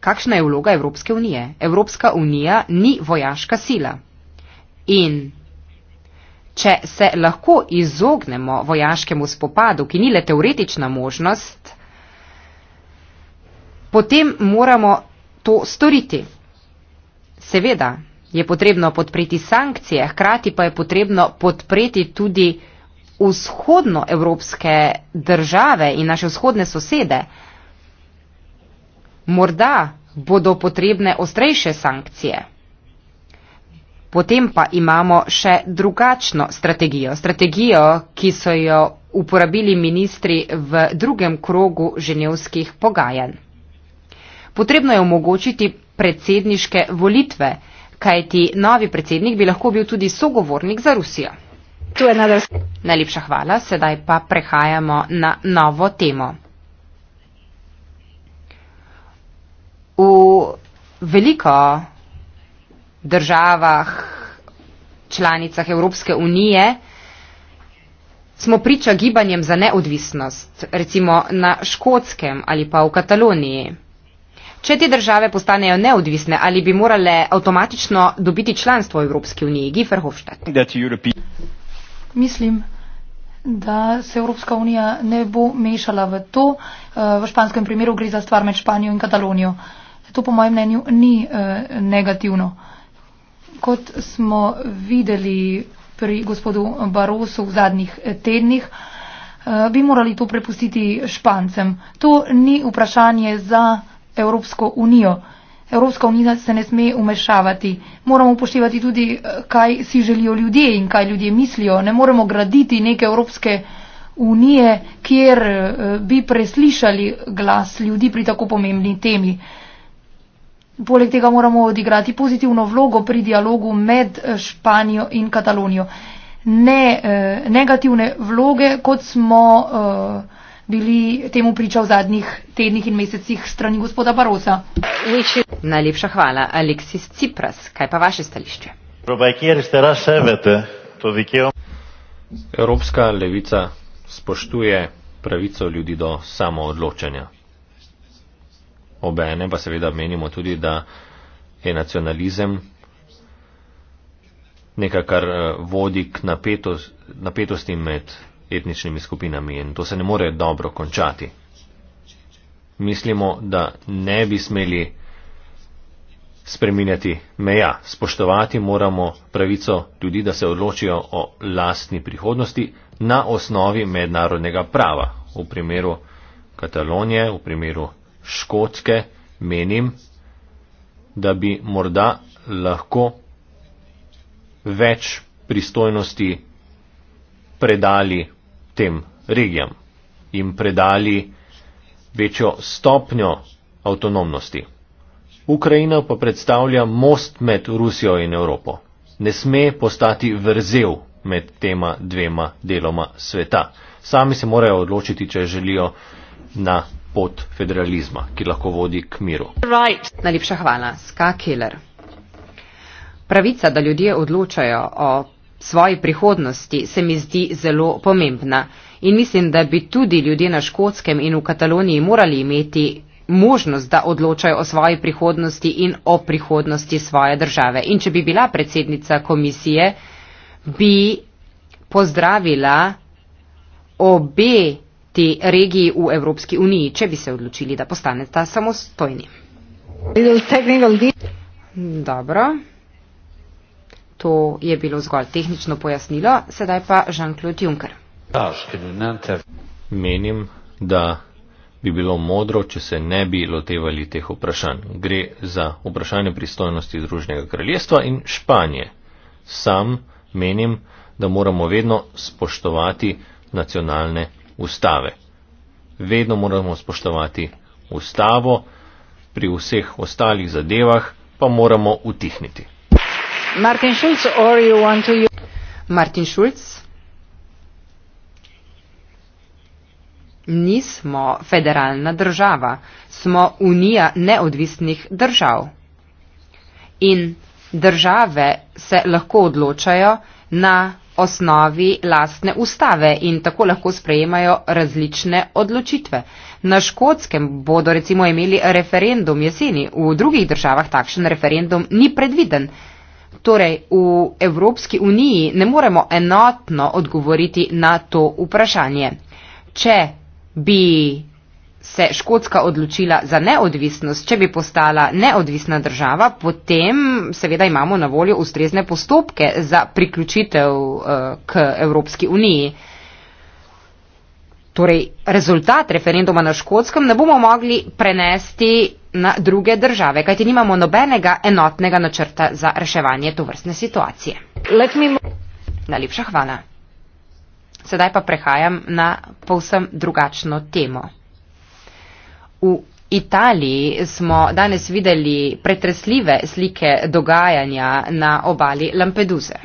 kakšna je vloga Evropske unije? Evropska unija ni vojaška sila. In če se lahko izognemo vojaškemu spopadu, ki ni le teoretična možnost, potem moramo to storiti. Seveda je potrebno podpreti sankcije, hkrati pa je potrebno podpreti tudi vzhodnoevropske države in naše vzhodne sosede, morda bodo potrebne ostrejše sankcije. Potem pa imamo še drugačno strategijo, strategijo, ki so jo uporabili ministri v drugem krogu ženevskih pogajanj. Potrebno je omogočiti predsedniške volitve, kajti novi predsednik bi lahko bil tudi sogovornik za Rusijo. Tu je nadar. Najlepša hvala, sedaj pa prehajamo na novo temo. V veliko državah, članicah Evropske unije smo priča gibanjem za neodvisnost, recimo na Škotskem ali pa v Kataloniji. Če te države postanejo neodvisne, ali bi morale avtomatično dobiti članstvo v Evropski uniji, Giferhofstadt? mislim, da se Evropska unija ne bo mešala v to. Eh, v španskem primeru gre za stvar med Španijo in Katalonijo. To po mojem mnenju ni eh, negativno. Kot smo videli pri gospodu Barosu v zadnjih eh, tednih, bi morali to prepustiti Špancem. To ni vprašanje za Evropsko unijo. Evropska unija se ne sme umešavati. Moramo upoštevati tudi, eh, kaj si želijo ljudje in kaj ljudje mislijo. Ne moremo graditi neke Evropske unije, kjer eh, bi preslišali glas ljudi pri tako pomembni temi. Poleg tega moramo odigrati pozitivno vlogo pri dialogu med eh, Španijo in Katalonijo. Ne eh, negativne vloge, kot smo. Eh, bili temu priča v zadnjih tednih in mesecih strani gospoda Barosa. Najlepša hvala. Aleksis Cipras, kaj pa vaše stališče? Evropska levica spoštuje pravico ljudi do samoodločanja. Obene pa seveda menimo tudi, da je nacionalizem nekaj, kar eh, vodi k napetosti med etničnimi skupinami in to se ne more dobro končati. Mislimo, da ne bi smeli spreminjati meja. Spoštovati moramo pravico ljudi, da se odločijo o lastni prihodnosti na osnovi mednarodnega prava. V primeru Katalonije, v primeru Škotske menim, da bi morda lahko več pristojnosti predali tem regijam in predali večjo stopnjo avtonomnosti. Ukrajina pa predstavlja most med Rusijo in Evropo. Ne sme postati vrzel med tema dvema deloma sveta. Sami se morajo odločiti, če želijo na pot federalizma, ki lahko vodi k miru. Right. Najlepša hvala. Ska Keller. Pravica, da ljudje odločajo o svoji prihodnosti se mi zdi zelo pomembna in mislim, da bi tudi ljudje na Škotskem in v Kataloniji morali imeti možnost, da odločajo o svoji prihodnosti in o prihodnosti svoje države. In če bi bila predsednica komisije, bi pozdravila obe te regiji v Evropski uniji, če bi se odločili, da postaneta samostojni. Dobro. To je bilo zgolj tehnično pojasnilo, sedaj pa Jean-Claude Juncker. Menim, da bi bilo modro, če se ne bi lotevali teh vprašanj. Gre za vprašanje pristojnosti Združenega kraljestva in Španije. Sam menim, da moramo vedno spoštovati nacionalne ustave. Vedno moramo spoštovati ustavo, pri vseh ostalih zadevah pa moramo utihniti. Martin Schulz or you want to use Martin Schulz? Nismo federalna država, smo unija neodvisnih držav. In države se lahko odločajo na osnovi lastne ustave in tako lahko sprejemajo različne odločitve. Na Škotskem bodo recimo imeli referendum jeseni, v drugih državah takšen referendum ni predviden. Torej, v Evropski uniji ne moremo enotno odgovoriti na to vprašanje. Če bi se Škotska odločila za neodvisnost, če bi postala neodvisna država, potem seveda imamo na voljo ustrezne postopke za priključitev eh, k Evropski uniji torej rezultat referenduma na škotskem ne bomo mogli prenesti na druge države, kajti nimamo nobenega enotnega načrta za reševanje tovrstne situacije. Najlepša hvala. Sedaj pa prehajam na povsem drugačno temo. V Italiji smo danes videli pretresljive slike dogajanja na obali Lampeduse.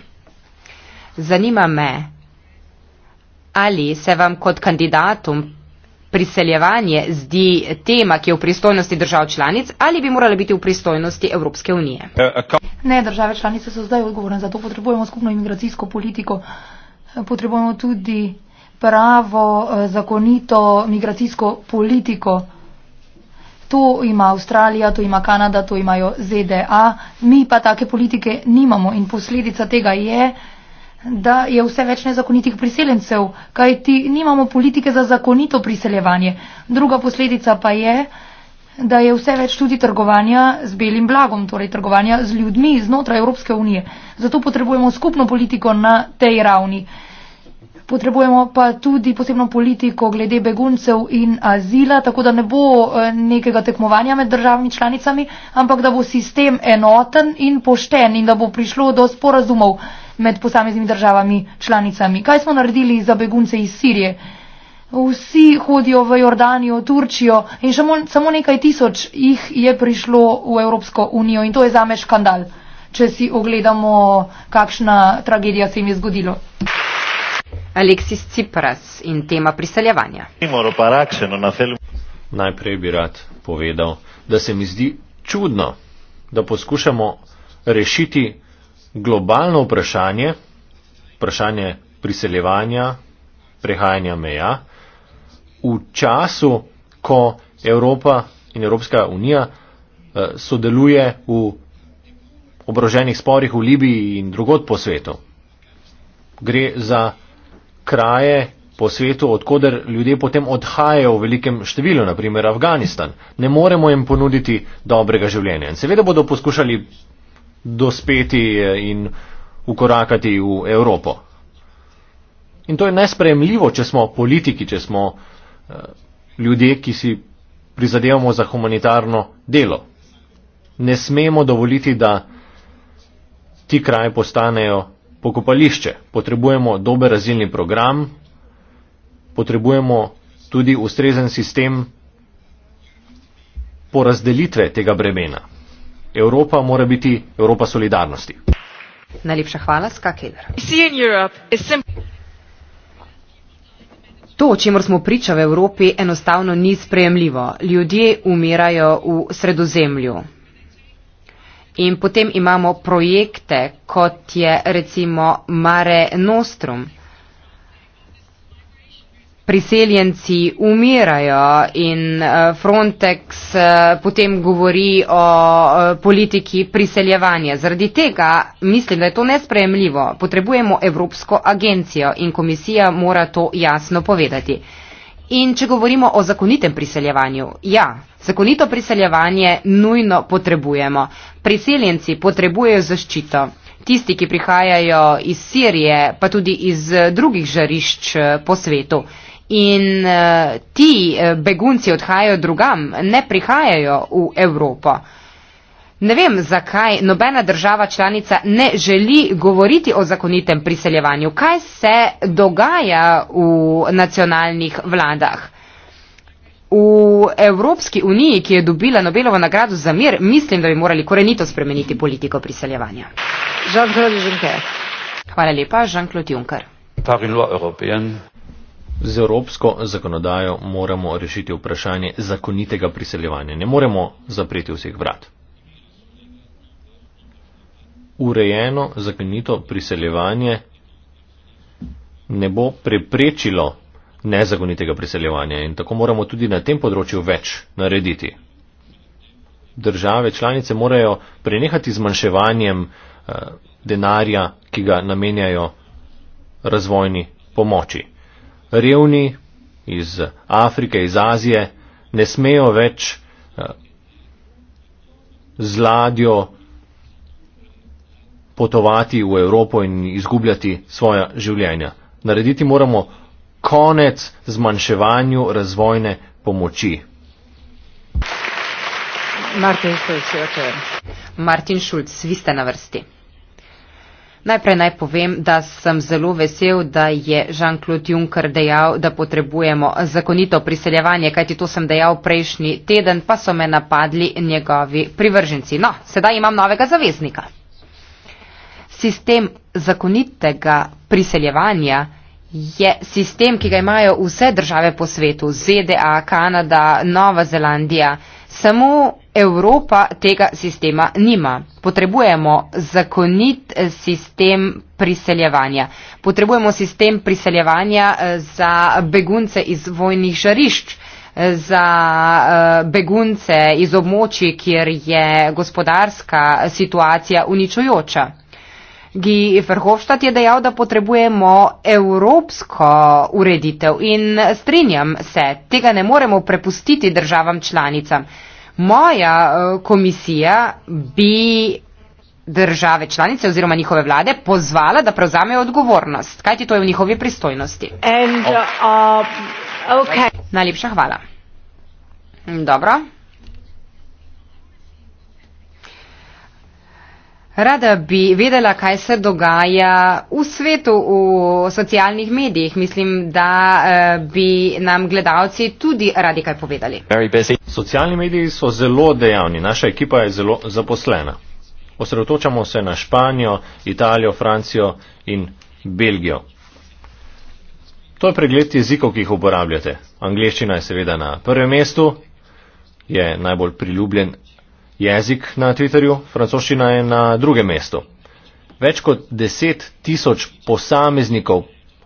Zanima me, Ali se vam kot kandidatom priseljevanje zdi tema, ki je v pristojnosti držav članic, ali bi morala biti v pristojnosti Evropske unije? Eh, eh, ne, države članice so zdaj odgovorne, zato potrebujemo skupno imigracijsko politiko. Potrebujemo tudi pravo, eh, zakonito migracijsko politiko. To ima Avstralija, to ima Kanada, to imajo ZDA, mi pa take politike nimamo in posledica tega je, da je vse več nezakonitih priseljencev, kajti nimamo politike za zakonito priseljevanje. Druga posledica pa je, da je vse več tudi trgovanja z belim blagom, torej trgovanja z ljudmi znotraj Evropske unije. Zato potrebujemo skupno politiko na tej ravni. Potrebujemo pa tudi posebno politiko glede beguncev in azila, tako da ne bo eh, nekega tekmovanja med državami članicami, ampak da bo sistem enoten in pošten in da bo prišlo do sporazumov med posameznimi državami članicami. Kaj smo naredili za begunce iz Sirije? Vsi hodijo v Jordanijo, Turčijo in samo, samo nekaj tisoč jih je prišlo v Evropsko unijo in to je zame škandal, če si ogledamo, kakšna tragedija se jim je zgodilo. Aleksis Cipras in tema priseljevanja. Najprej bi rad povedal, da se mi zdi čudno, da poskušamo rešiti globalno vprašanje, vprašanje priseljevanja, prehajanja meja, v času, ko Evropa in Evropska unija eh, sodeluje v obroženih sporih v Libiji in drugod po svetu. Gre za kraje po svetu, odkuder ljudje potem odhajajo v velikem številu, naprimer Afganistan. Ne moremo jim ponuditi dobrega življenja. In seveda bodo poskušali dospeti eh, in ukorakati v Evropo. In to je nespremljivo, če smo politiki, če smo eh, ljudje, ki si prizadevamo za humanitarno delo. Ne smemo dovoliti, da ti kraji postanejo pokopališče. Potrebujemo dober razilni program, potrebujemo tudi ustrezen sistem porazdelitve tega bremena. Evropa mora biti Evropa solidarnosti. Najlepša hvala, Skakeler. To, o čemer smo priča v Evropi, enostavno ni sprejemljivo. Ljudje umirajo v sredozemlju. In potem imamo projekte, kot je recimo Mare Nostrum priseljenci umirajo in eh, Frontex eh, potem govori o eh, politiki priseljevanja. Zaradi tega mislim, da je to nespremljivo. Potrebujemo Evropsko agencijo in komisija mora to jasno povedati. In če govorimo o zakonitem priseljevanju, ja, zakonito priseljevanje nujno potrebujemo. Priseljenci potrebujejo zaščito. Tisti, ki prihajajo iz Sirije, pa tudi iz drugih žarišč po svetu in uh, ti eh, begunci odhajajo drugam, ne prihajajo v Evropo. Ne vem, zakaj nobena država članica ne želi govoriti o zakonitem priseljevanju. Kaj se dogaja v nacionalnih vladah? V Evropski uniji, ki je dobila Nobelovo nagrado za mir, mislim, da bi morali korenito spremeniti politiko priseljevanja. Hvala lepa, Jean-Claude Juncker. Z evropsko zakonodajo moramo rešiti vprašanje zakonitega priseljevanja. Ne moremo zapreti vseh vrat. Urejeno zakonito priseljevanje ne bo preprečilo nezakonitega priseljevanja in tako moramo tudi na tem področju več narediti. Države članice morajo prenehati zmanjševanjem eh, denarja, ki ga namenjajo razvojni pomoči revni iz Afrike, iz Azije, ne smejo več eh, z ladjo potovati v Evropo in izgubljati svoja življenja. Narediti moramo konec zmanjševanju razvojne pomoči. Martin Šulc, vi ste na vrsti. Najprej naj povem, da sem zelo vesel, da je Jean-Claude Juncker dejal, da potrebujemo zakonito priseljevanje, kajti to sem dejal prejšnji teden, pa so me napadli njegovi privrženci. No, sedaj imam novega zaveznika. Sistem zakonitega priseljevanja je sistem, ki ga imajo vse države po svetu, ZDA, Kanada, Nova Zelandija. Samo Evropa tega sistema nima. Potrebujemo zakonit eh, sistem priseljevanja. Potrebujemo sistem priseljevanja eh, za begunce iz vojnih žarišč, eh, za begunce iz območij, kjer je gospodarska situacija uničujoča. Gi Verhofstadt je dejal, da potrebujemo evropsko ureditev in strinjam se, tega ne moremo prepustiti državam članicam. Moja eh, komisija bi države članice oziroma njihove vlade pozvala, da prevzamejo odgovornost, kajti to je v njihovi pristojnosti. And, uh, okay. Najlepša hvala. Dobro. Rada bi vedela, kaj se dogaja v svetu, v socialnih medijih. Mislim, da eh, bi nam gledalci tudi radi kaj povedali. Socialni mediji so zelo dejavni, naša ekipa je zelo zaposlena. Osredotočamo se na Španijo, Italijo, Francijo in Belgijo. To je pregled jezikov, ki jih uporabljate. Angliščina je seveda na prvem mestu, je najbolj priljubljen Jezik na Twitterju, francoščina je na drugem mestu. Več kot deset tisoč posameznikov,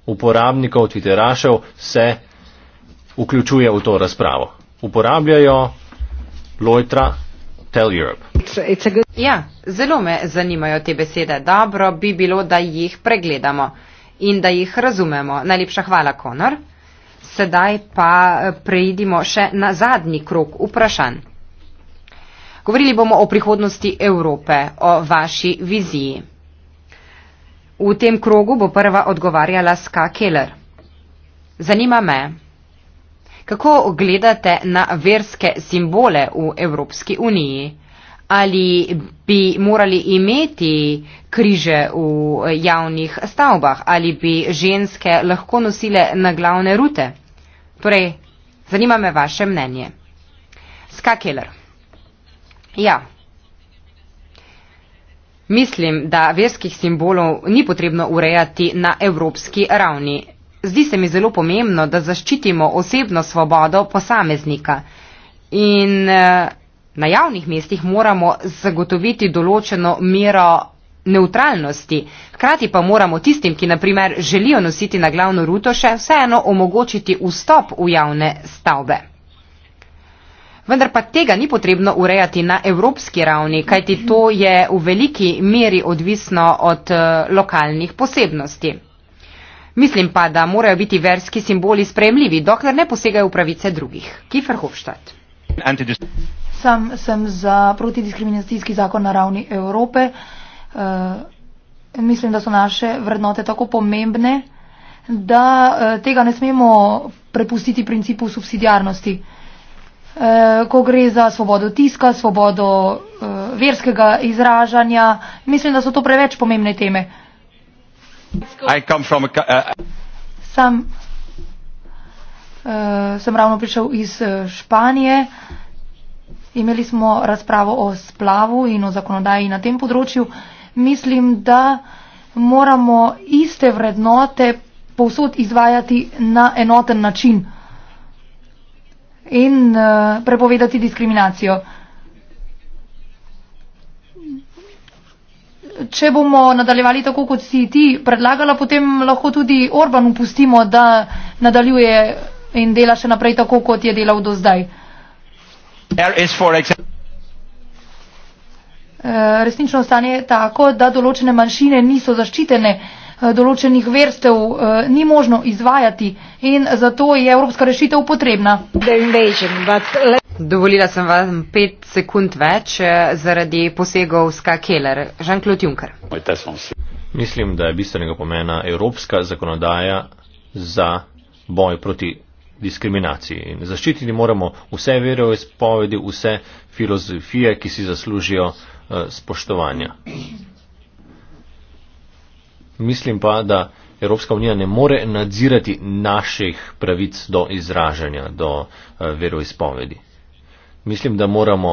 uporabnikov Twitterašev se vključuje v to razpravo. Uporabljajo Lojtra Tell Europe. Ja, zelo me zanimajo te besede. Dobro bi bilo, da jih pregledamo in da jih razumemo. Najlepša hvala, Konor. Sedaj pa eh, prejdimo še na zadnji krok vprašanj. Govorili bomo o prihodnosti Evrope, o vaši viziji. V tem krogu bo prva odgovarjala Ska Keller. Zanima me, kako gledate na verske simbole v Evropski uniji? Ali bi morali imeti križe v javnih stavbah? Ali bi ženske lahko nosile na glavne rute? Torej, zanima me vaše mnenje. Ska Keller. Ja. Mislim, da verskih simbolov ni potrebno urejati na evropski ravni. Zdi se mi zelo pomembno, da zaščitimo osebno svobodo posameznika. In eh, na javnih mestih moramo zagotoviti določeno mero neutralnosti. Hkrati pa moramo tistim, ki naprimer želijo nositi na glavno ruto, še vseeno omogočiti vstop v javne stavbe. Vendar pa tega ni potrebno urejati na evropski ravni, kajti to je v veliki meri odvisno od eh, lokalnih posebnosti. Mislim pa, da morajo biti verski simboli sprejemljivi, dokler ne posegajo v pravice drugih. Kifr Hofstadt. Sam sem za protidiskriminacijski zakon na ravni Evrope. Uh, mislim, da so naše vrednote tako pomembne, da uh, tega ne smemo prepustiti principu subsidijarnosti. Uh, Eh, ko gre za svobodo tiska, svobodo uh, verskega izražanja. Mislim, da so to preveč pomembne teme. Eh, Sam, uh, sem ravno prišel iz Španije. Imeli smo razpravo o splavu in o zakonodaji na tem področju. Mislim, da moramo iste vrednote povsod izvajati na enoten način in uh, prepovedati diskriminacijo. Če bomo nadaljevali tako, kot si ti predlagala, potem lahko tudi Orban upustimo, da nadaljuje in dela še naprej tako, kot je delal do zdaj. Eh, resnično stanje je tako, da določene manjšine niso zaščitene. Uh, Eh, določenih verstev eh, ni možno izvajati in zato je evropska rešitev potrebna. Dovolila sem vam pet sekund več eh, zaradi posegov Ska Keller, Jean-Claude Juncker. Mislim, da je bistvenega pomena evropska zakonodaja za boj proti diskriminaciji. In zaščititi moramo vse veroizpovedi, vse filozofije, ki si zaslužijo spoštovanja. Mislim pa, da Evropska unija ne more nadzirati naših pravic do izražanja, do eh, veroizpovedi. Mislim, da moramo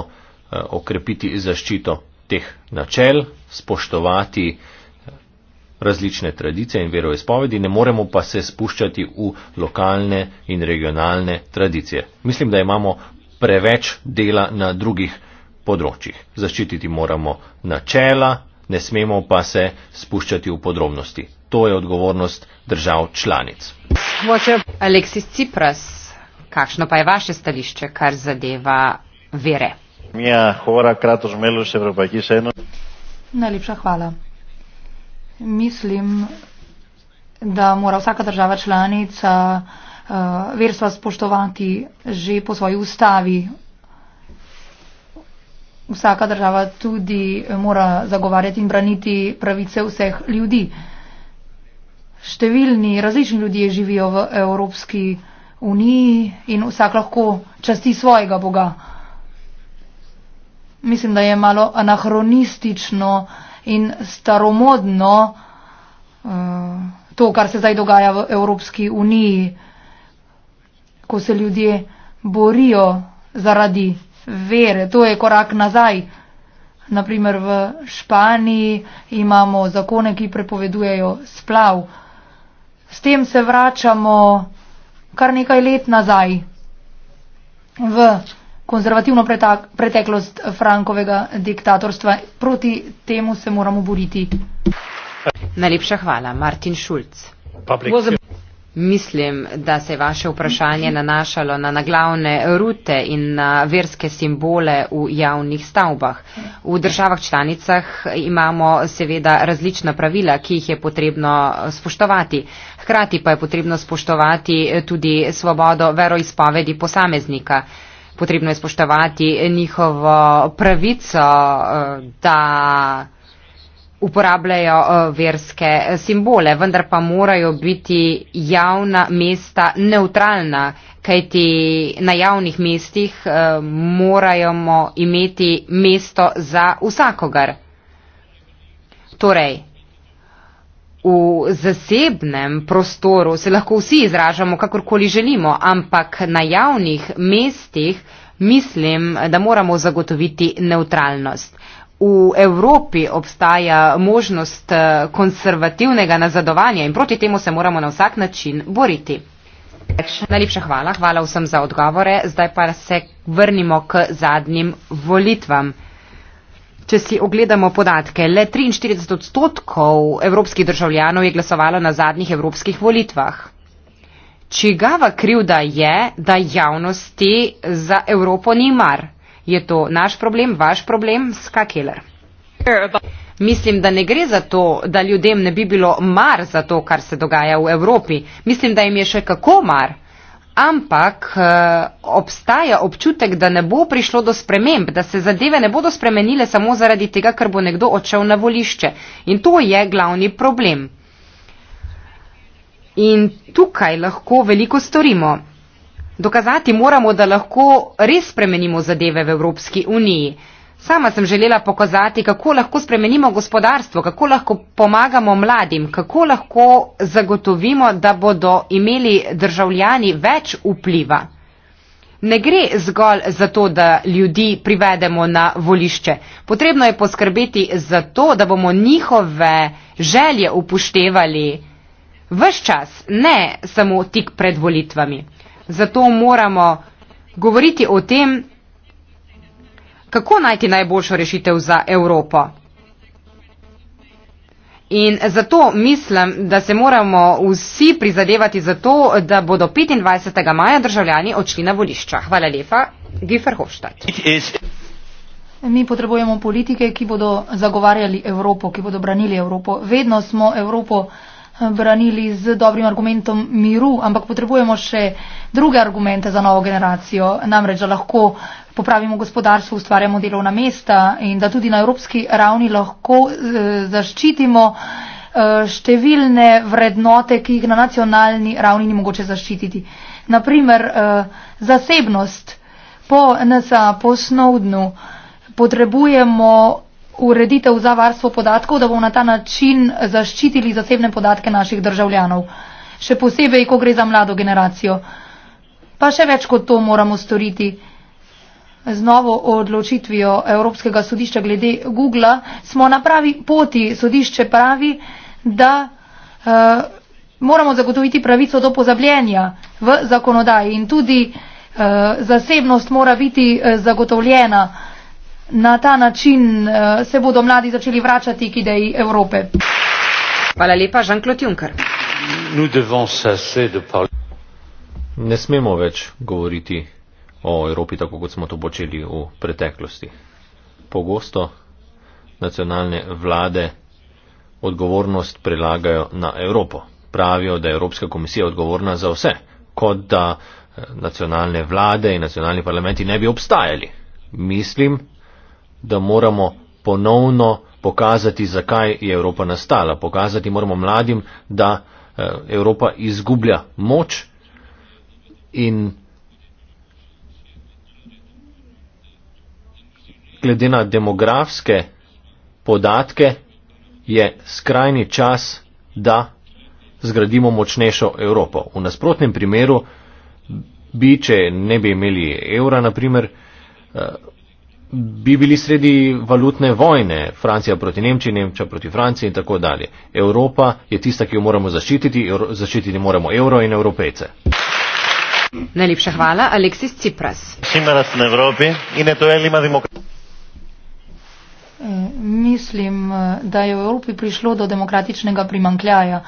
eh, okrepiti zaščito teh načel, spoštovati eh, različne tradicije in veroizpovedi, ne moremo pa se spuščati v lokalne in regionalne tradicije. Mislim, da imamo preveč dela na drugih področjih. Zaščititi moramo načela, ne smemo pa se spuščati v podrobnosti. To je odgovornost držav članic. Aleksis Cipras, kakšno pa je vaše stališče, kar zadeva vere? Najlepša hvala. Mislim, da mora vsaka država članica uh, verstva spoštovati že po svoji ustavi, vsaka država tudi eh, mora zagovarjati in braniti pravice vseh ljudi. Številni različni ljudje živijo v Evropski uniji in vsak lahko časti svojega Boga. Mislim, da je malo anahronistično in staromodno uh, to, kar se zdaj dogaja v Evropski uniji, ko se ljudje borijo zaradi vere, to je korak nazaj. Naprimer v Španiji imamo zakone, ki prepovedujejo splav. S tem se vračamo kar nekaj let nazaj v konzervativno preteklost Frankovega diktatorstva. Proti temu se moramo boriti. Najlepša hvala, Martin Šulc. Public. Mislim, da se je vaše vprašanje nanašalo na naglavne rute in na verske simbole v javnih stavbah. V državah članicah imamo seveda različna pravila, ki jih je potrebno spoštovati. Hkrati pa je potrebno spoštovati tudi svobodo veroizpovedi posameznika. Potrebno je spoštovati njihovo pravico, eh, da uporabljajo eh, verske eh, simbole, vendar pa morajo biti javna mesta neutralna, kajti na javnih mestih eh, moramo imeti mesto za vsakogar. Torej, V zasebnem prostoru se lahko vsi izražamo, kakorkoli želimo, ampak na javnih mestih mislim, da moramo zagotoviti neutralnost v Evropi obstaja možnost eh, konservativnega nazadovanja in proti temu se moramo na vsak način boriti. Najlepša hvala, hvala vsem za odgovore. Zdaj pa se vrnimo k zadnjim volitvam. Če si ogledamo podatke, le 43 odstotkov evropskih državljanov je glasovalo na zadnjih evropskih volitvah. Čigava krivda je, da javnosti za Evropo ni mar? Je to naš problem, vaš problem, skakeler? Mislim, da ne gre za to, da ljudem ne bi bilo mar za to, kar se dogaja v Evropi. Mislim, da jim je še kako mar. Ampak eh, obstaja občutek, da ne bo prišlo do sprememb, da se zadeve ne bodo spremenile samo zaradi tega, ker bo nekdo odšel na volišče. In to je glavni problem. In tukaj lahko veliko storimo. Dokazati moramo, da lahko res spremenimo zadeve v Evropski uniji. Sama sem želela pokazati, kako lahko spremenimo gospodarstvo, kako lahko pomagamo mladim, kako lahko zagotovimo, da bodo imeli državljani več vpliva. Ne gre zgolj za to, da ljudi privedemo na volišče. Potrebno je poskrbeti za to, da bomo njihove želje upoštevali vse čas, ne samo tik pred volitvami. Zato moramo govoriti o tem, kako najti najboljšo rešitev za Evropo. In zato mislim, da se moramo vsi prizadevati za to, da bodo 25. maja državljani odšli na volišča. Hvala lepa, Gifer Hofstadt. Mi potrebujemo politike, ki bodo zagovarjali Evropo, ki bodo branili Evropo. Vedno smo Evropo branili z dobrim argumentom miru, ampak potrebujemo še druge argumente za novo generacijo, namreč, da lahko popravimo gospodarstvo, ustvarjamo delovna mesta in da tudi na evropski ravni lahko e, zaščitimo e, številne vrednote, ki jih na nacionalni ravni ni mogoče zaščititi. Naprimer, e, eh, zasebnost po NSA, po Snowdnu potrebujemo ureditev za varstvo podatkov, da bomo na ta način zaščitili zasebne podatke naših državljanov, še posebej, ko gre za mlado generacijo. Pa še več kot to moramo storiti. Z novo odločitvijo Evropskega sodišča glede Google smo na pravi poti. Sodišče pravi, da uh, moramo zagotoviti pravico do pozabljenja v zakonodaji in tudi uh, zasebnost mora biti uh, zagotovljena na ta način uh, se bodo mladi začeli vračati k ideji Evrope. Hvala lepa, Jean-Claude Juncker. Ne smemo več govoriti o Evropi tako, kot smo to počeli v preteklosti. Pogosto nacionalne vlade odgovornost prelagajo na Evropo. Pravijo, da je Evropska komisija odgovorna za vse, kot da eh, nacionalne vlade in nacionalni parlamenti ne bi obstajali. Mislim, da moramo ponovno pokazati, zakaj je Evropa nastala. Pokazati moramo mladim, da eh, Evropa izgublja moč in glede na demografske podatke je skrajni čas, da zgradimo močnejšo Evropo. V nasprotnem primeru bi, če ne bi imeli evra, naprimer, eh, bi bili sredi valutne vojne, Francija proti Nemčiji, Nemčija proti Franciji in tako dalje. Evropa je tista, ki jo moramo zaščititi, zaščititi moramo evro in evropejce. Najlepša hvala, Aleksis Cipras. Mislim, da je v Evropi prišlo do demokratičnega primankljaja,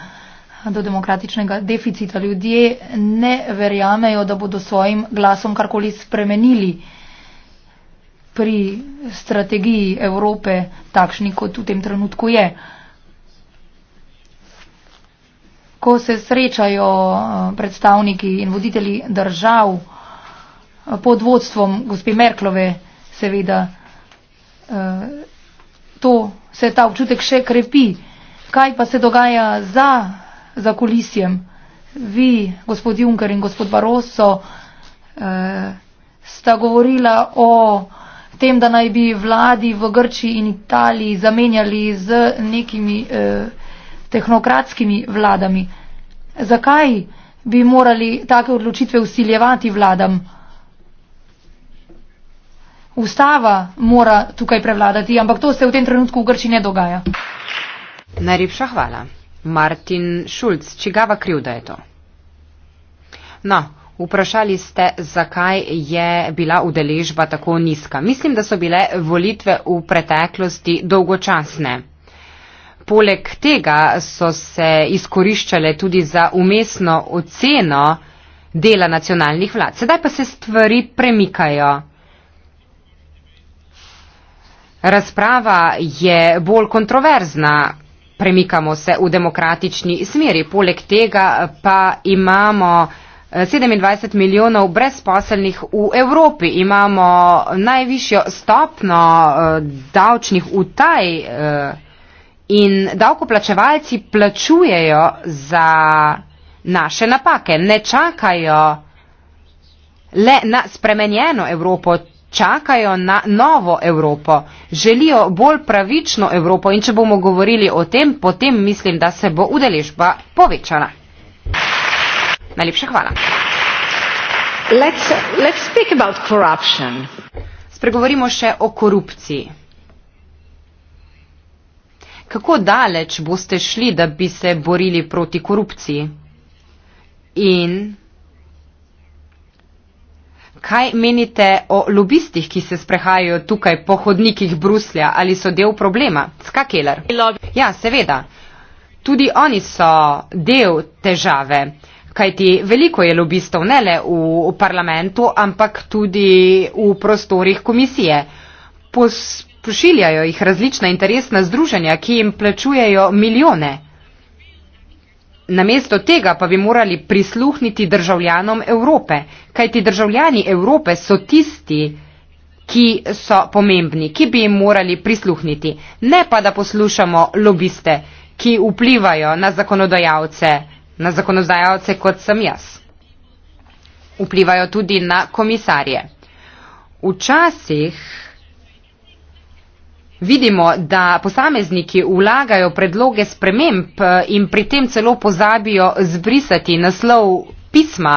do demokratičnega deficita. Ljudje ne verjamejo, da bodo svojim glasom karkoli spremenili. Uh, pri strategiji Evrope takšni, kot v tem trenutku je. Ko se srečajo eh, predstavniki in voditelji držav eh, pod vodstvom gospe Merklove, seveda, eh, to se ta občutek še krepi. Kaj pa se dogaja za, za kulisjem? Vi, gospod Juncker in gospod Barroso, sta govorila o tem, da naj bi vladi v Grčiji in Italiji zamenjali z nekimi eh, tehnokratskimi vladami. Zakaj bi morali take odločitve usiljevati vladam? Ustava mora tukaj prevladati, ampak to se v tem trenutku v Grči ne dogaja. Najlepša hvala. Martin Šulc, čigava krivda je to? No, Vprašali ste, zakaj je bila udeležba tako nizka. Mislim, da so bile volitve v preteklosti dolgočasne. Poleg tega so se izkoriščale tudi za umestno oceno dela nacionalnih vlad. Sedaj pa se stvari premikajo. Razprava je bolj kontroverzna. Premikamo se v demokratični smeri. Poleg tega pa imamo 27 milijonov brezposelnih v Evropi. Imamo najvišjo stopno eh, davčnih utaj eh, in davkoplačevalci plačujejo za naše napake. Ne čakajo le na spremenjeno Evropo, čakajo na novo Evropo. Želijo bolj pravično Evropo in če bomo govorili o tem, potem mislim, da se bo udeležba povečala. Najlepša hvala. Let's, let's Spregovorimo še o korupciji. Kako daleč boste šli, da bi se borili proti korupciji? In kaj menite o lobistih, ki se sprehajajo tukaj po hodnikih Bruslja, ali so del problema? Skakeler. Ja, seveda. Tudi oni so del težave kajti veliko je lobistov ne le v parlamentu, ampak tudi v prostorih komisije. Pošiljajo jih različna interesna združenja, ki jim plačujejo milijone. Namesto tega pa bi morali prisluhniti državljanom Evrope, kajti državljani Evrope so tisti, ki so pomembni, ki bi jim morali prisluhniti, ne pa da poslušamo lobiste, ki vplivajo na zakonodajalce na zakonodajalce kot sem jaz. Vplivajo tudi na komisarje. Včasih vidimo, da posamezniki vlagajo predloge sprememb eh, in pri tem celo pozabijo zbrisati naslov pisma,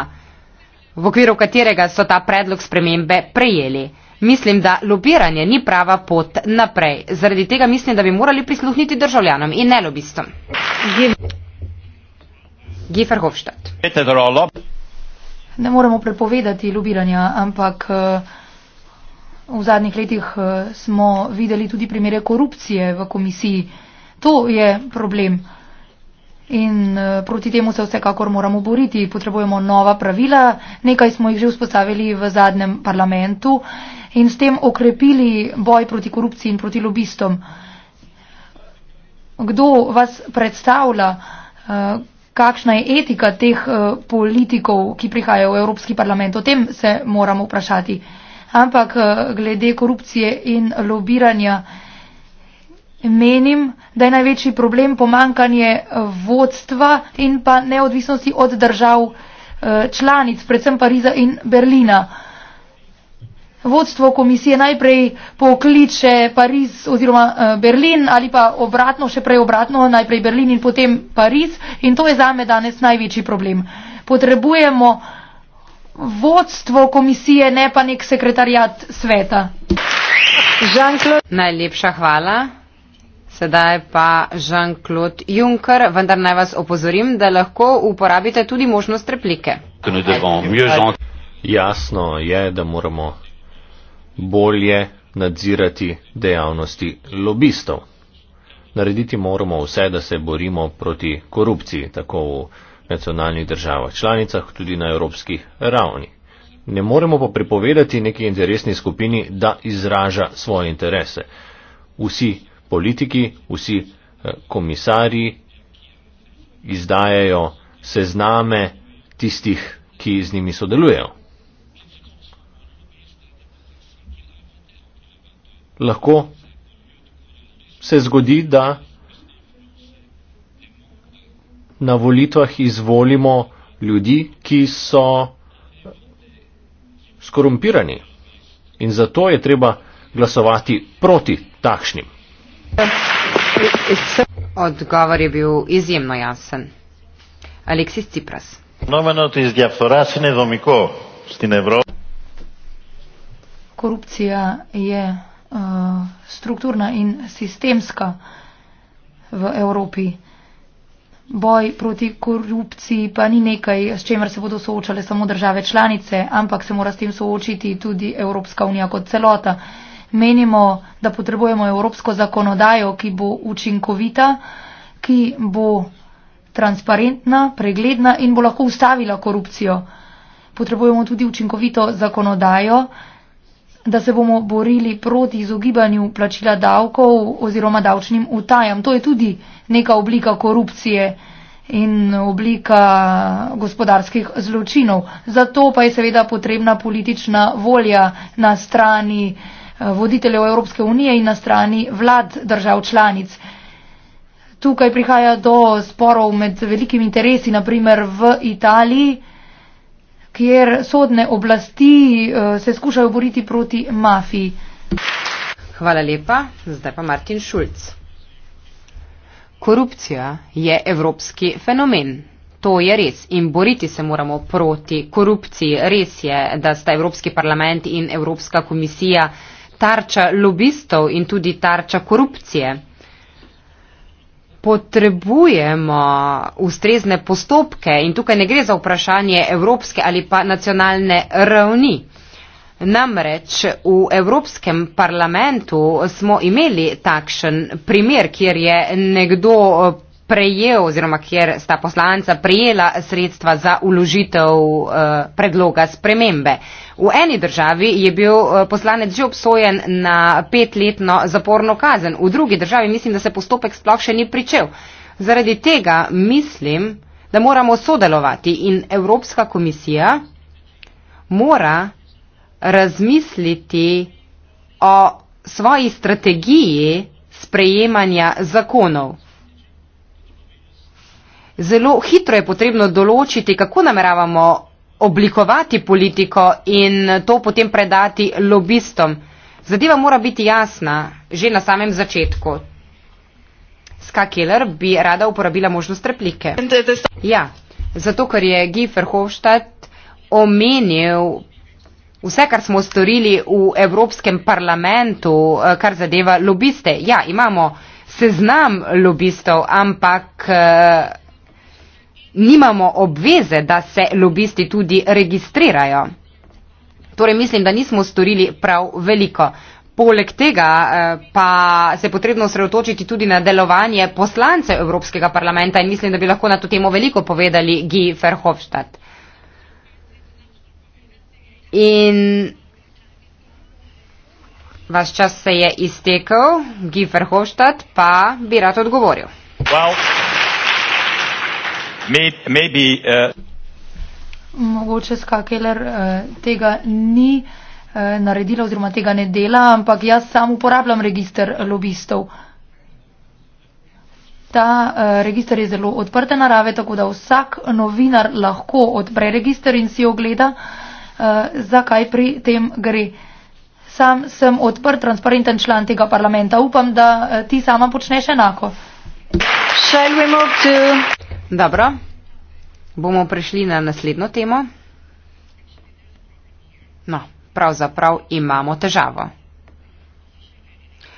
v okviru katerega so ta predlog spremembe prejeli. Mislim, da lobiranje ni prava pot naprej. Zaradi tega mislim, da bi morali prisluhniti državljanom in ne lobistom. Gefer Hofstadt. Ne moremo prepovedati lubiranja, ampak eh, v zadnjih letih eh, smo videli tudi primere korupcije v komisiji. To je problem. In eh, proti temu se vsekakor moramo boriti. Potrebujemo nova pravila, nekaj smo jih že vzpostavili v zadnjem parlamentu in s tem okrepili boj proti korupciji in proti lobistom. Kdo vas predstavlja? kakšna je etika teh uh, politikov, ki prihajajo v Evropski parlament. O tem se moramo vprašati. Ampak uh, glede korupcije in lobiranja, menim, da je največji problem pomankanje eh, vodstva in pa neodvisnosti od držav uh, članic, predvsem Pariza in Berlina. Uh, Vodstvo komisije najprej pokliče Pariz oziroma uh, Berlin ali pa obratno, še prej obratno, najprej Berlin in potem Pariz in to je zame danes največji problem. Potrebujemo vodstvo komisije, ne pa nek sekretarjat sveta. Jean-Claude. Najlepša hvala. Sedaj pa Jean-Claude Juncker, vendar naj vas opozorim, da lahko uporabite tudi možnost replike. Jasno je, da moramo bolje nadzirati dejavnosti lobistov. Narediti moramo vse, da se borimo proti korupciji, tako v nacionalnih državah članicah, tudi na evropski ravni. Ne moremo pa prepovedati neki interesni skupini, da izraža svoje interese. Vsi politiki, vsi eh, komisarji izdajajo sezname tistih, ki z njimi sodelujejo. lahko se zgodi, da na volitvah izvolimo ljudi, ki so skorumpirani. In zato je treba glasovati proti takšnim. Odgovor je bil izjemno jasen. Aleksis Cipras. No, Korupcija je uh, strukturna in sistemska v Evropi. Boj proti korupciji pa ni nekaj, s čemer se bodo soočale samo države članice, ampak se mora s tem soočiti tudi Evropska unija kot celota. Menimo, da potrebujemo evropsko zakonodajo, ki bo učinkovita, ki bo transparentna, pregledna in bo lahko ustavila korupcijo. Potrebujemo tudi učinkovito zakonodajo, da se bomo borili proti izogibanju plačila davkov oziroma davčnim utajam. To je tudi neka oblika korupcije in oblika gospodarskih zločinov. Zato pa je seveda potrebna politična volja na strani eh, voditeljev Evropske unije in na strani vlad držav članic. Tukaj prihaja do sporov med velikimi interesi, naprimer v Italiji kjer sodne oblasti eh, se skušajo boriti proti mafiji. Hvala lepa. Zdaj pa Martin Šulc. Korupcija je evropski fenomen. To je res in boriti se moramo proti korupciji. Res je, da sta Evropski parlament in Evropska komisija tarča lobistov in tudi tarča korupcije potrebujemo ustrezne postopke in tukaj ne gre za vprašanje evropske ali pa nacionalne ravni. Namreč v Evropskem parlamentu smo imeli takšen primer, kjer je nekdo prejel oziroma kjer sta poslanca prijela sredstva za uložitev eh, predloga spremembe. V eni državi je bil eh, poslanec že obsojen na petletno zaporno kazen, v drugi državi mislim, da se postopek sploh še ni pričel. Zaradi tega mislim, da moramo sodelovati in Evropska komisija mora razmisliti o svoji strategiji sprejemanja zakonov zelo hitro je potrebno določiti, kako nameravamo oblikovati politiko in to potem predati lobistom. Zadeva mora biti jasna že na samem začetku. Ska Keller bi rada uporabila možnost replike. Ja, zato ker je Guy Verhofstadt omenil vse, kar smo storili v Evropskem parlamentu, eh, kar zadeva lobiste. Ja, imamo seznam lobistov, ampak eh, nimamo obveze, da se lobisti tudi registrirajo. Torej mislim, da nismo storili prav veliko. Poleg tega eh, pa se je potrebno osredotočiti tudi na delovanje poslance Evropskega parlamenta in mislim, da bi lahko na to temo veliko povedali Guy Verhofstadt. In vaš čas se je iztekel, Guy Verhofstadt pa bi rad odgovoril. Well maybe, uh, Mogoče skakeler uh, tega ni uh, naredila oziroma tega ne dela, ampak jaz sam uporabljam registr lobistov. Ta uh, registr je zelo odprte narave, tako da vsak novinar lahko odpre registr in si ogleda, uh, zakaj pri tem gre. Sam sem odprt, transparenten član tega parlamenta. Upam, da uh, ti sama počneš enako. Shall we move to? Dobro, bomo prišli na naslednjo temo. No, pravzaprav imamo težavo.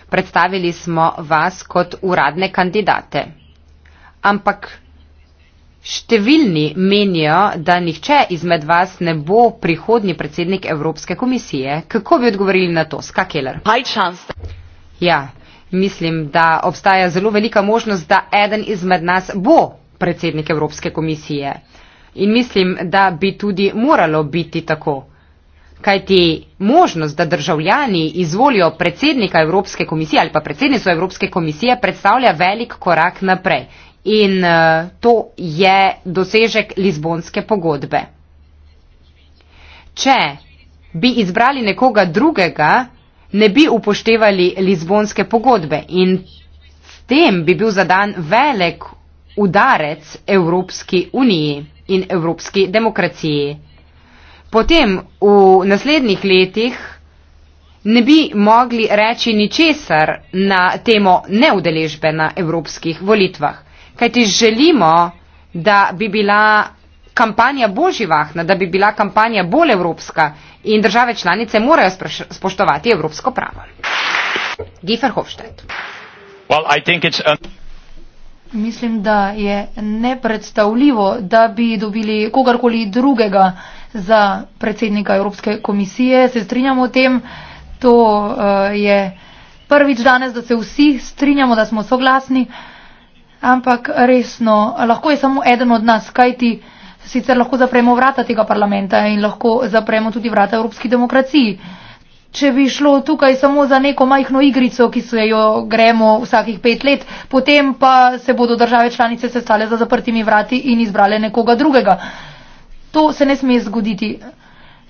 Predstavili smo vas kot uradne kandidate, ampak številni menijo, da nihče izmed vas ne bo prihodni predsednik Evropske komisije. Kako bi odgovorili na to, Skakeler? Ja, mislim, da obstaja zelo velika možnost, da eden izmed nas bo predsednik Evropske komisije. In mislim, da bi tudi moralo biti tako. Kaj ti možnost, da državljani izvolijo predsednika Evropske komisije ali pa predsednico Evropske komisije, predstavlja velik korak naprej. In uh, to je dosežek Lizbonske pogodbe. Če bi izbrali nekoga drugega, ne bi upoštevali Lizbonske pogodbe in s tem bi bil zadan velik udarec Evropski uniji in evropski demokraciji. Potem v naslednjih letih ne bi mogli reči ničesar na temo neudeležbe na evropskih volitvah, kajti želimo, da bi bila kampanja bolj živahna, da bi bila kampanja bolj evropska in države članice morajo spoštovati evropsko pravo. Giferhofstadt. Well, I think it's. Um... Mislim, da je nepredstavljivo, da bi dobili kogarkoli drugega za predsednika Evropske komisije. Se strinjamo o tem, to uh, je prvič danes, da se vsi strinjamo, da smo soglasni, ampak resno, lahko je samo eden od nas, kajti sicer lahko zapremo vrata tega parlamenta in lahko zapremo tudi vrata Evropski demokraciji. Uh, Če bi šlo tukaj samo za neko majhno igrico, ki se jo gremo vsakih pet let, potem pa se bodo države članice sestale za zaprtimi vrati in izbrale nekoga drugega. To se ne sme zgoditi.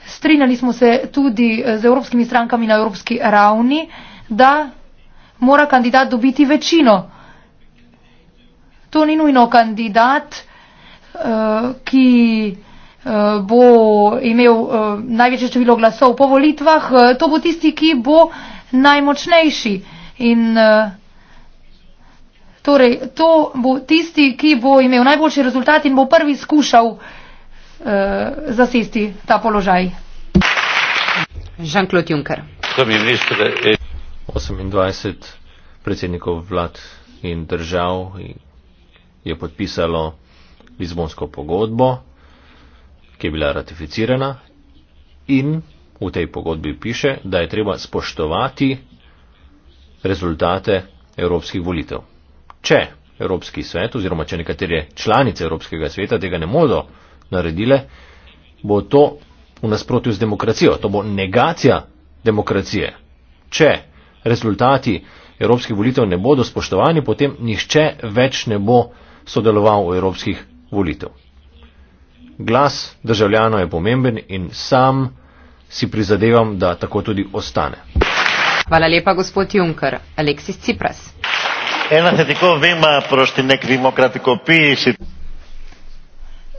Strinjali smo se tudi z evropskimi strankami na evropski ravni, da mora kandidat dobiti večino. To ni nujno kandidat, uh, ki. Eh, bo imel eh, največje število glasov po volitvah, eh, to bo tisti, ki bo najmočnejši. In torej, to bo tisti, ki bo imel najboljši rezultat in bo prvi skušal zasesti ta položaj. Jean-Claude Juncker. 28 predsednikov vlad in držav je podpisalo Lizbonsko pogodbo ki je bila ratificirana in v tej pogodbi piše, da je treba spoštovati rezultate evropskih volitev. Če Evropski svet oziroma če nekatere članice Evropskega sveta tega ne bodo naredile, bo to v nasprotju z demokracijo, to bo negacija demokracije. Če rezultati evropskih volitev ne bodo spoštovani, potem nihče več ne bo sodeloval v evropskih volitev glas državljana je pomemben in sam si prizadevam, da tako tudi ostane. Hvala lepa, gospod Juncker. Aleksis Cipras.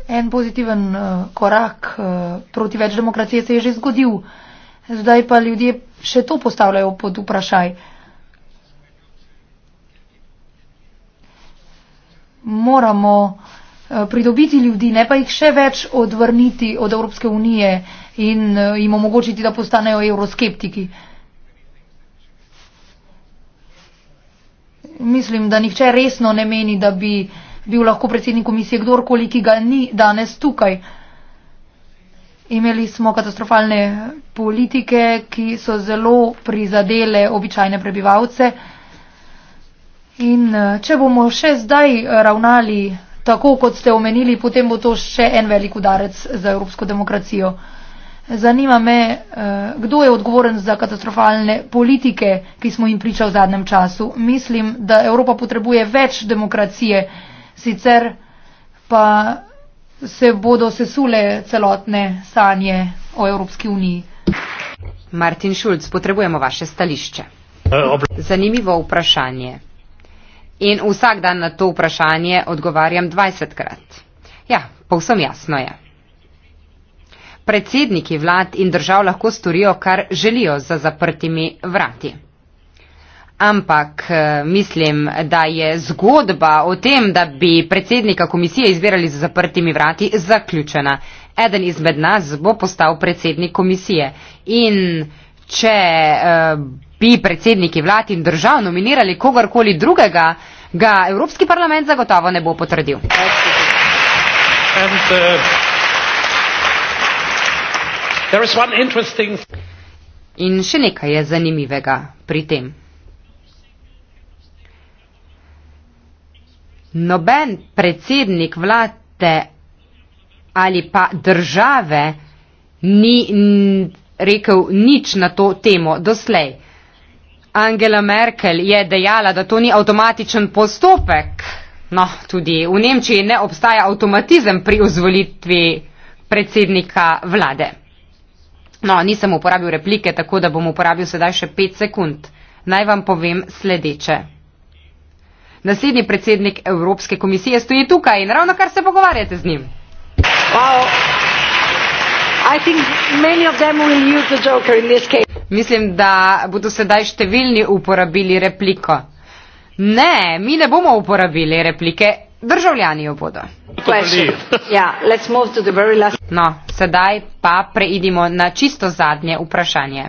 En pozitiven eh, korak eh, proti več demokracije se je že zgodil. Zdaj pa ljudje še to postavljajo pod vprašaj. Moramo Eh, pridobiti ljudi, ne pa jih še več odvrniti od Evropske unije in eh, jim omogočiti, da postanejo euroskeptiki. Mislim, da nihče resno ne meni, da bi bil lahko predsednik komisije kdorkoli, ki ga ni danes tukaj. Imeli smo katastrofalne politike, ki so zelo prizadele običajne prebivalce. In eh, če bomo še zdaj ravnali tako kot ste omenili, potem bo to še en velik udarec za evropsko demokracijo. Zanima me, eh, kdo je odgovoren za katastrofalne politike, ki smo jim priča v zadnjem času. Mislim, da Evropa potrebuje več demokracije, sicer pa se bodo sesule celotne sanje o Evropski uniji. Martin Šulc, potrebujemo vaše stališče. Eh, Zanimivo vprašanje. In vsak dan na to vprašanje odgovarjam 20krat. Ja, povsem jasno je. Predsedniki vlad in držav lahko storijo, kar želijo za zaprtimi vrati. Ampak eh, mislim, da je zgodba o tem, da bi predsednika komisije izbirali za zaprtimi vrati, zaključena. Eden izmed nas bo postal predsednik komisije. In če. Uh, bi predsedniki vlad in držav nominirali kogarkoli drugega, ga Evropski parlament zagotovo ne bo potrdil. And, uh, interesting... In še nekaj je zanimivega pri tem. Noben predsednik vlade ali pa države ni rekel nič na to temo doslej. Angela Merkel je dejala, da to ni avtomatičen postopek. No, tudi v Nemčiji ne obstaja avtomatizem pri ozvolitvi predsednika vlade. No, nisem uporabil replike, tako da bom uporabil sedaj še pet sekund. Naj vam povem sledeče. Naslednji predsednik Evropske komisije stoji tukaj in ravno kar se pogovarjate z njim. Wow. I think many of them will use the joker in this case. Mislim, da bodo sedaj številni uporabili repliko. Ne, mi ne bomo uporabili replike, državljani jo bodo. Yeah, no, sedaj pa preidimo na čisto zadnje vprašanje.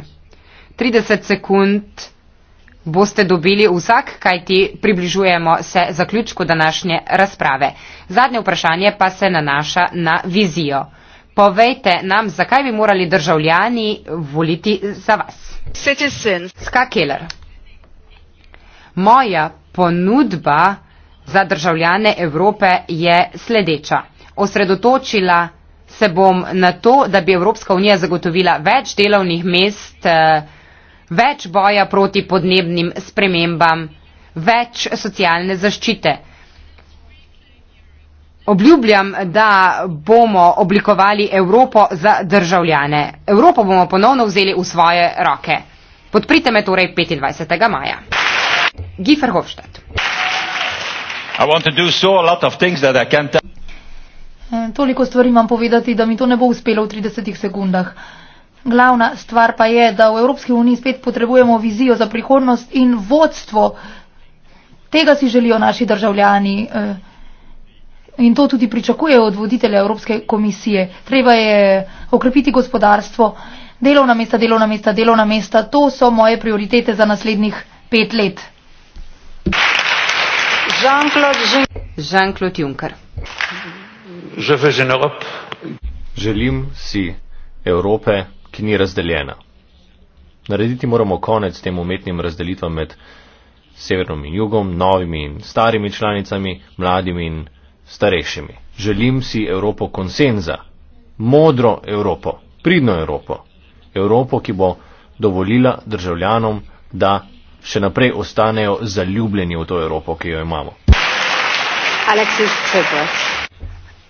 30 sekund boste dobili vsak, kaj ti približujemo se zaključku današnje razprave. Zadnje vprašanje pa se nanaša na vizijo. Povejte nam, zakaj bi morali državljani voliti za vas. Citizen. Ska Keller. Moja ponudba za državljane Evrope je sledeča. Osredotočila se bom na to, da bi Evropska unija zagotovila več delovnih mest, eh, več boja proti podnebnim spremembam, več socialne zaščite. Obljubljam, da bomo oblikovali Evropo za državljane. Evropo bomo ponovno vzeli v svoje roke. Podprite me torej 25. maja. Gifer Hofstadt. So eh, Toliko stvari imam povedati, da mi to ne bo uspelo v 30 sekundah. Glavna stvar pa je, da v Evropski uniji spet potrebujemo vizijo za prihodnost in vodstvo. Tega si želijo naši državljani. Eh, In to tudi pričakujejo od voditelja Evropske komisije. Treba je okrepiti gospodarstvo, delovna mesta, delovna mesta, delovna mesta. To so moje prioritete za naslednjih pet let. Jean-Claude Juncker. Želim si Evrope, ki ni razdeljena. Narediti moramo konec tem umetnim razdelitvam med severnom in jugom, novimi in starimi članicami, mladimi in starejšimi. Želim si Evropo konsenza, modro Evropo, pridno Evropo, Evropo, ki bo dovolila državljanom, da še naprej ostanejo zaljubljeni v to Evropo, ki jo imamo.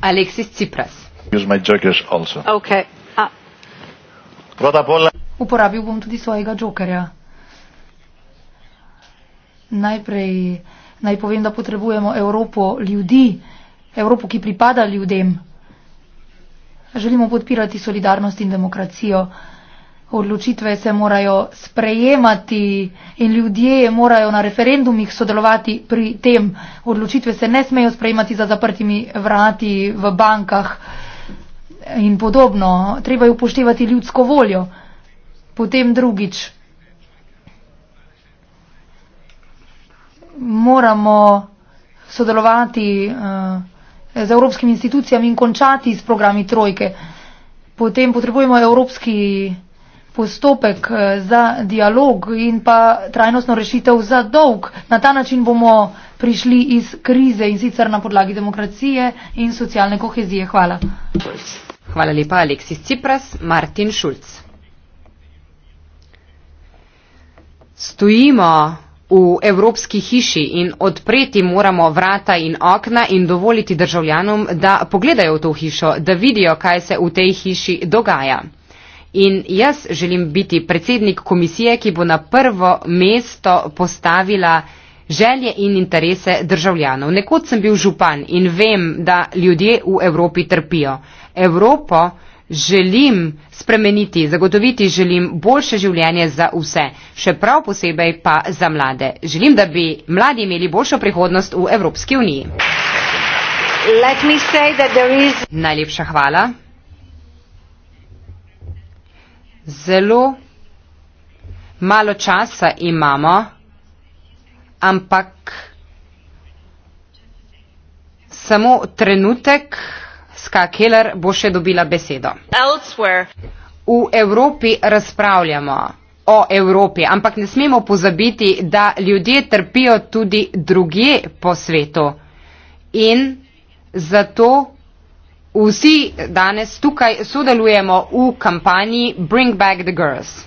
Aleksis Cipras. Okay. Ah. Uporabil bom tudi svojega džokerja. Najprej naj povem, da potrebujemo Evropo ljudi, Evropo, ki pripada ljudem. Želimo podpirati solidarnost in demokracijo. Odločitve se morajo sprejemati in ljudje morajo na referendumih sodelovati pri tem. Odločitve se ne smejo sprejemati za zaprtimi vrati v bankah in podobno. Treba je upoštevati ljudsko voljo. Potem drugič. Moramo sodelovati. Uh, z evropskimi institucijami in končati s programi trojke. Potem potrebujemo evropski postopek eh, za dialog in pa trajnostno rešitev za dolg. Na ta način bomo prišli iz krize in sicer na podlagi demokracije in socialne kohezije. Hvala. Hvala lepa, Aleksis Cipras, Martin Šulc. Stojimo v evropski hiši in odpreti moramo vrata in okna in dovoliti državljanom, da pogledajo v to hišo, da vidijo, kaj se v tej hiši dogaja. In jaz želim biti predsednik komisije, ki bo na prvo mesto postavila želje in interese državljanov. Nekoč sem bil župan in vem, da ljudje v Evropi trpijo. Evropo želim spremeniti, zagotoviti želim boljše življenje za vse, še prav posebej pa za mlade. Želim, da bi mladi imeli boljšo prihodnost v Evropski uniji. Is... Najlepša hvala. Zelo malo časa imamo, ampak samo trenutek. Ska Keller bo še dobila besedo. Elsewhere. V Evropi razpravljamo o Evropi, ampak ne smemo pozabiti, da ljudje trpijo tudi druge po svetu. In zato vsi danes tukaj sodelujemo v kampanji Bring Back the Girls.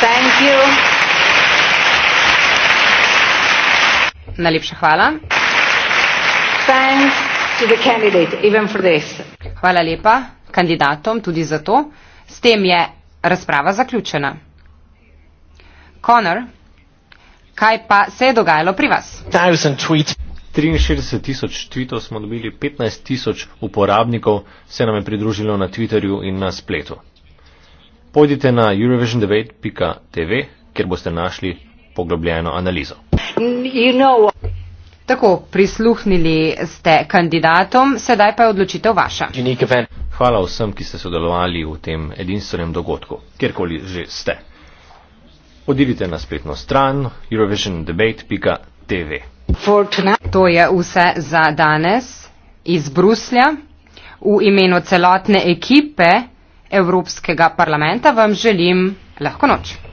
Thank you. Najlepša hvala. Hvala lepa kandidatom tudi za to. S tem je razprava zaključena. Conor, kaj pa se je dogajalo pri vas? 63 tisoč tweetov smo dobili, 15 tisoč uporabnikov se nam je pridružilo na Twitterju in na spletu. Pojdite na eurovision9.tv, kjer boste našli poglobljeno analizo you know. Tako, prisluhnili ste kandidatom, sedaj pa je odločitev vaša. Hvala vsem, ki ste sodelovali v tem edinstvenem dogodku, kjerkoli že ste. Odidite na spletno stran eurovisiondebate.tv. To je vse za danes iz Bruslja. V imenu celotne ekipe Evropskega parlamenta vam želim lahko noč.